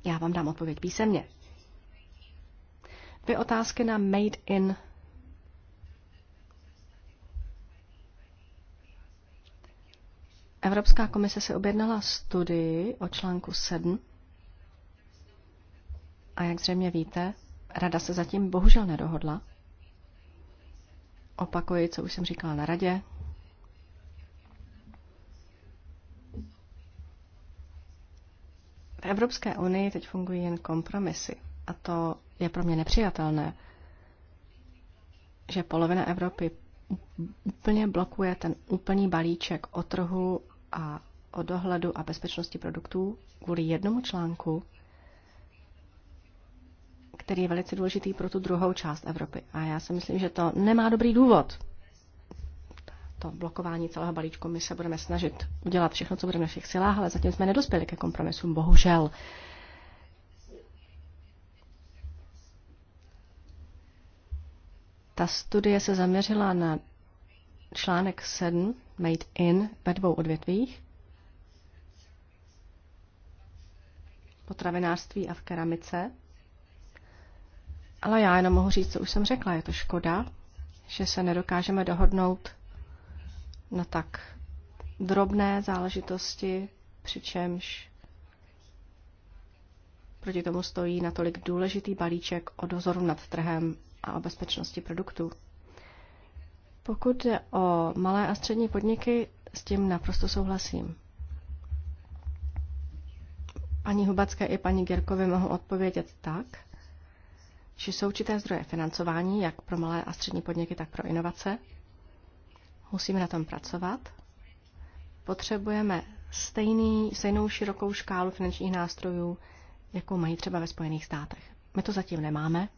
Já vám dám odpověď písemně. Dvě otázky na Made in. Evropská komise se objednala studii o článku 7. A jak zřejmě víte, rada se zatím bohužel nedohodla. Opakuji, co už jsem říkala na radě, V Evropské unii teď fungují jen kompromisy a to je pro mě nepřijatelné, že polovina Evropy úplně blokuje ten úplný balíček o trhu a o dohledu a bezpečnosti produktů kvůli jednomu článku, který je velice důležitý pro tu druhou část Evropy. A já si myslím, že to nemá dobrý důvod to blokování celého balíčku. My se budeme snažit udělat všechno, co budeme v našich silách, ale zatím jsme nedospěli ke kompromisům, bohužel. Ta studie se zaměřila na článek 7, Made in, ve dvou odvětvích, potravinářství a v keramice. Ale já jenom mohu říct, co už jsem řekla, je to škoda, že se nedokážeme dohodnout na tak drobné záležitosti, přičemž proti tomu stojí natolik důležitý balíček o dozoru nad trhem a o bezpečnosti produktů. Pokud jde o malé a střední podniky, s tím naprosto souhlasím. Paní Hubacké i paní Gerkovi mohou odpovědět tak, že jsou určité zdroje financování, jak pro malé a střední podniky, tak pro inovace, Musíme na tom pracovat. Potřebujeme stejný, stejnou širokou škálu finančních nástrojů, jakou mají třeba ve Spojených státech. My to zatím nemáme.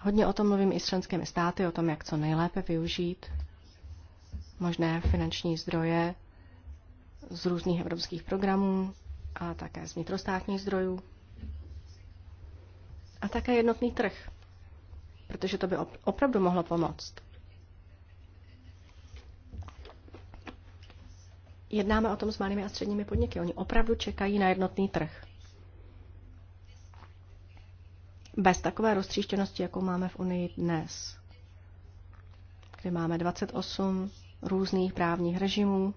Hodně o tom mluvím i s členskými státy, o tom, jak co nejlépe využít možné finanční zdroje z různých evropských programů a také z vnitrostátních zdrojů. A také jednotný trh, protože to by opravdu mohlo pomoct. jednáme o tom s malými a středními podniky. Oni opravdu čekají na jednotný trh. Bez takové roztříštěnosti, jakou máme v Unii dnes, kdy máme 28 různých právních režimů,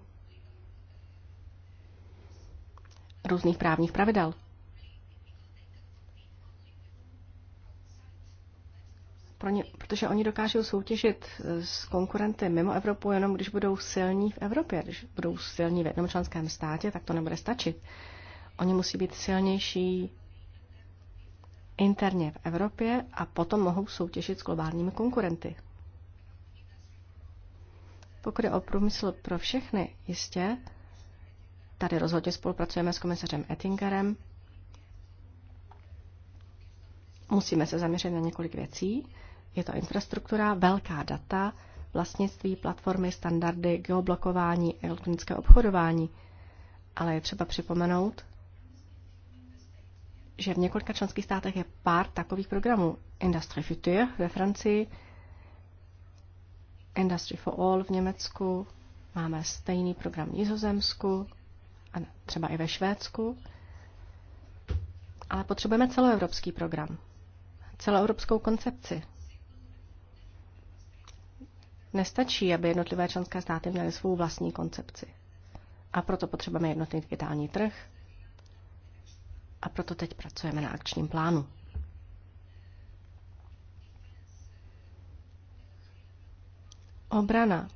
různých právních pravidel. pro ně, protože oni dokážou soutěžit eh, s konkurenty mimo Evropu jenom když budou silní v Evropě. Když budou silní v jednom členském státě, tak to nebude stačit. Oni musí být silnější interně v Evropě a potom mohou soutěžit s globálními konkurenty. Pokud je o průmysl pro všechny, jistě, tady rozhodně spolupracujeme s komisařem Ettingerem, musíme se zaměřit na několik věcí. Je to infrastruktura, velká data, vlastnictví, platformy, standardy, geoblokování, elektronické obchodování. Ale je třeba připomenout, že v několika členských státech je pár takových programů. Industry Future ve Francii, Industry for All v Německu, máme stejný program v Nizozemsku a třeba i ve Švédsku. Ale potřebujeme celoevropský program, celoevropskou koncepci, Nestačí, aby jednotlivé členské státy měly svou vlastní koncepci. A proto potřebujeme jednotný digitální trh. A proto teď pracujeme na akčním plánu. Obrana.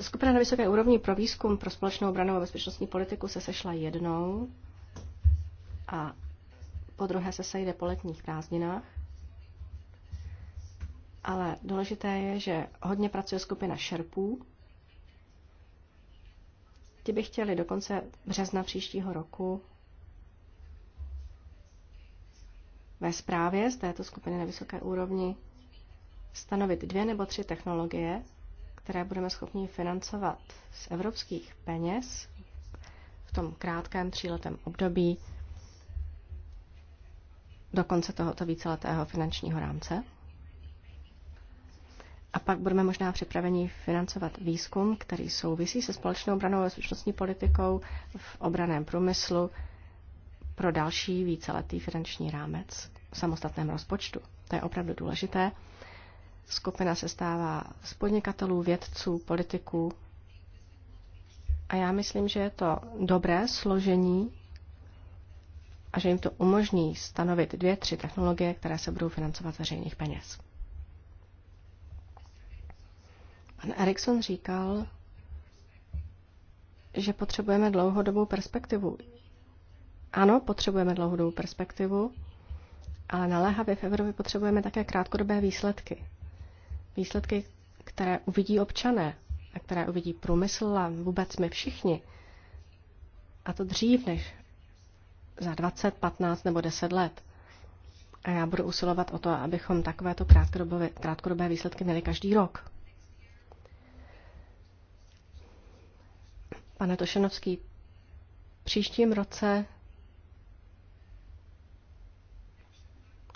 Skupina na vysoké úrovni pro výzkum pro společnou obranu a bezpečnostní politiku se sešla jednou a po druhé se sejde po letních prázdninách. Ale důležité je, že hodně pracuje skupina šerpů. Ti by chtěli do konce března příštího roku ve zprávě z této skupiny na vysoké úrovni stanovit dvě nebo tři technologie, které budeme schopni financovat z evropských peněz v tom krátkém tříletém období do konce tohoto víceletého finančního rámce. A pak budeme možná připraveni financovat výzkum, který souvisí se společnou obranou a bezpečnostní politikou v obraném průmyslu pro další víceletý finanční rámec v samostatném rozpočtu. To je opravdu důležité. Skupina se stává z podnikatelů, vědců, politiků. A já myslím, že je to dobré složení a že jim to umožní stanovit dvě, tři technologie, které se budou financovat veřejných peněz. Pan Erikson říkal, že potřebujeme dlouhodobou perspektivu. Ano, potřebujeme dlouhodobou perspektivu, ale naléhavě v Evropě potřebujeme také krátkodobé výsledky. Výsledky, které uvidí občané a které uvidí průmysl a vůbec my všichni. A to dřív než za 20, 15 nebo 10 let. A já budu usilovat o to, abychom takovéto krátkodobé, krátkodobé výsledky měli každý rok. Pane Tošenovský, příštím roce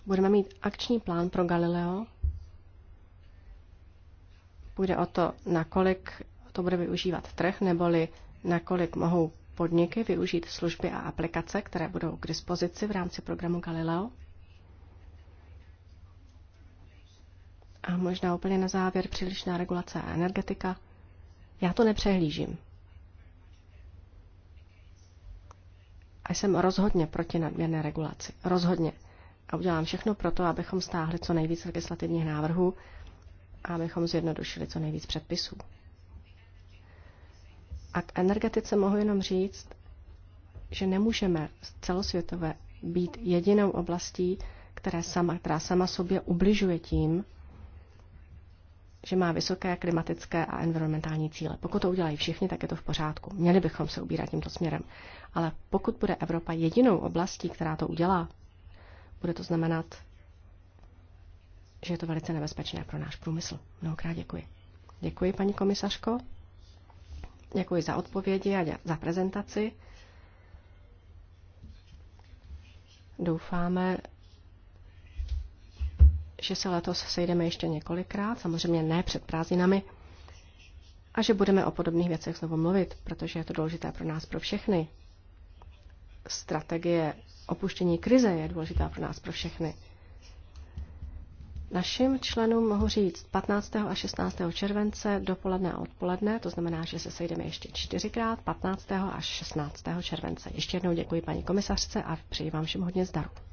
budeme mít akční plán pro Galileo. Bude o to, nakolik to bude využívat trh, neboli nakolik mohou podniky využít služby a aplikace, které budou k dispozici v rámci programu Galileo. A možná úplně na závěr přílišná regulace a energetika. Já to nepřehlížím. jsem rozhodně proti nadměrné regulaci. Rozhodně. A udělám všechno pro to, abychom stáhli co nejvíc legislativních návrhů a abychom zjednodušili co nejvíc předpisů. A k energetice mohu jenom říct, že nemůžeme celosvětové být jedinou oblastí, která sama, která sama sobě ubližuje tím, že má vysoké klimatické a environmentální cíle. Pokud to udělají všichni, tak je to v pořádku. Měli bychom se ubírat tímto směrem. Ale pokud bude Evropa jedinou oblastí, která to udělá, bude to znamenat, že je to velice nebezpečné pro náš průmysl. Mnohokrát děkuji. Děkuji, paní komisařko. Děkuji za odpovědi a za prezentaci. Doufáme, že se letos sejdeme ještě několikrát, samozřejmě ne před prázdninami, a že budeme o podobných věcech znovu mluvit, protože je to důležité pro nás, pro všechny. Strategie opuštění krize je důležitá pro nás, pro všechny. Našim členům mohu říct 15. a 16. července dopoledne a odpoledne, to znamená, že se sejdeme ještě čtyřikrát 15. až 16. července. Ještě jednou děkuji paní komisařce a přeji vám všem hodně zdaru.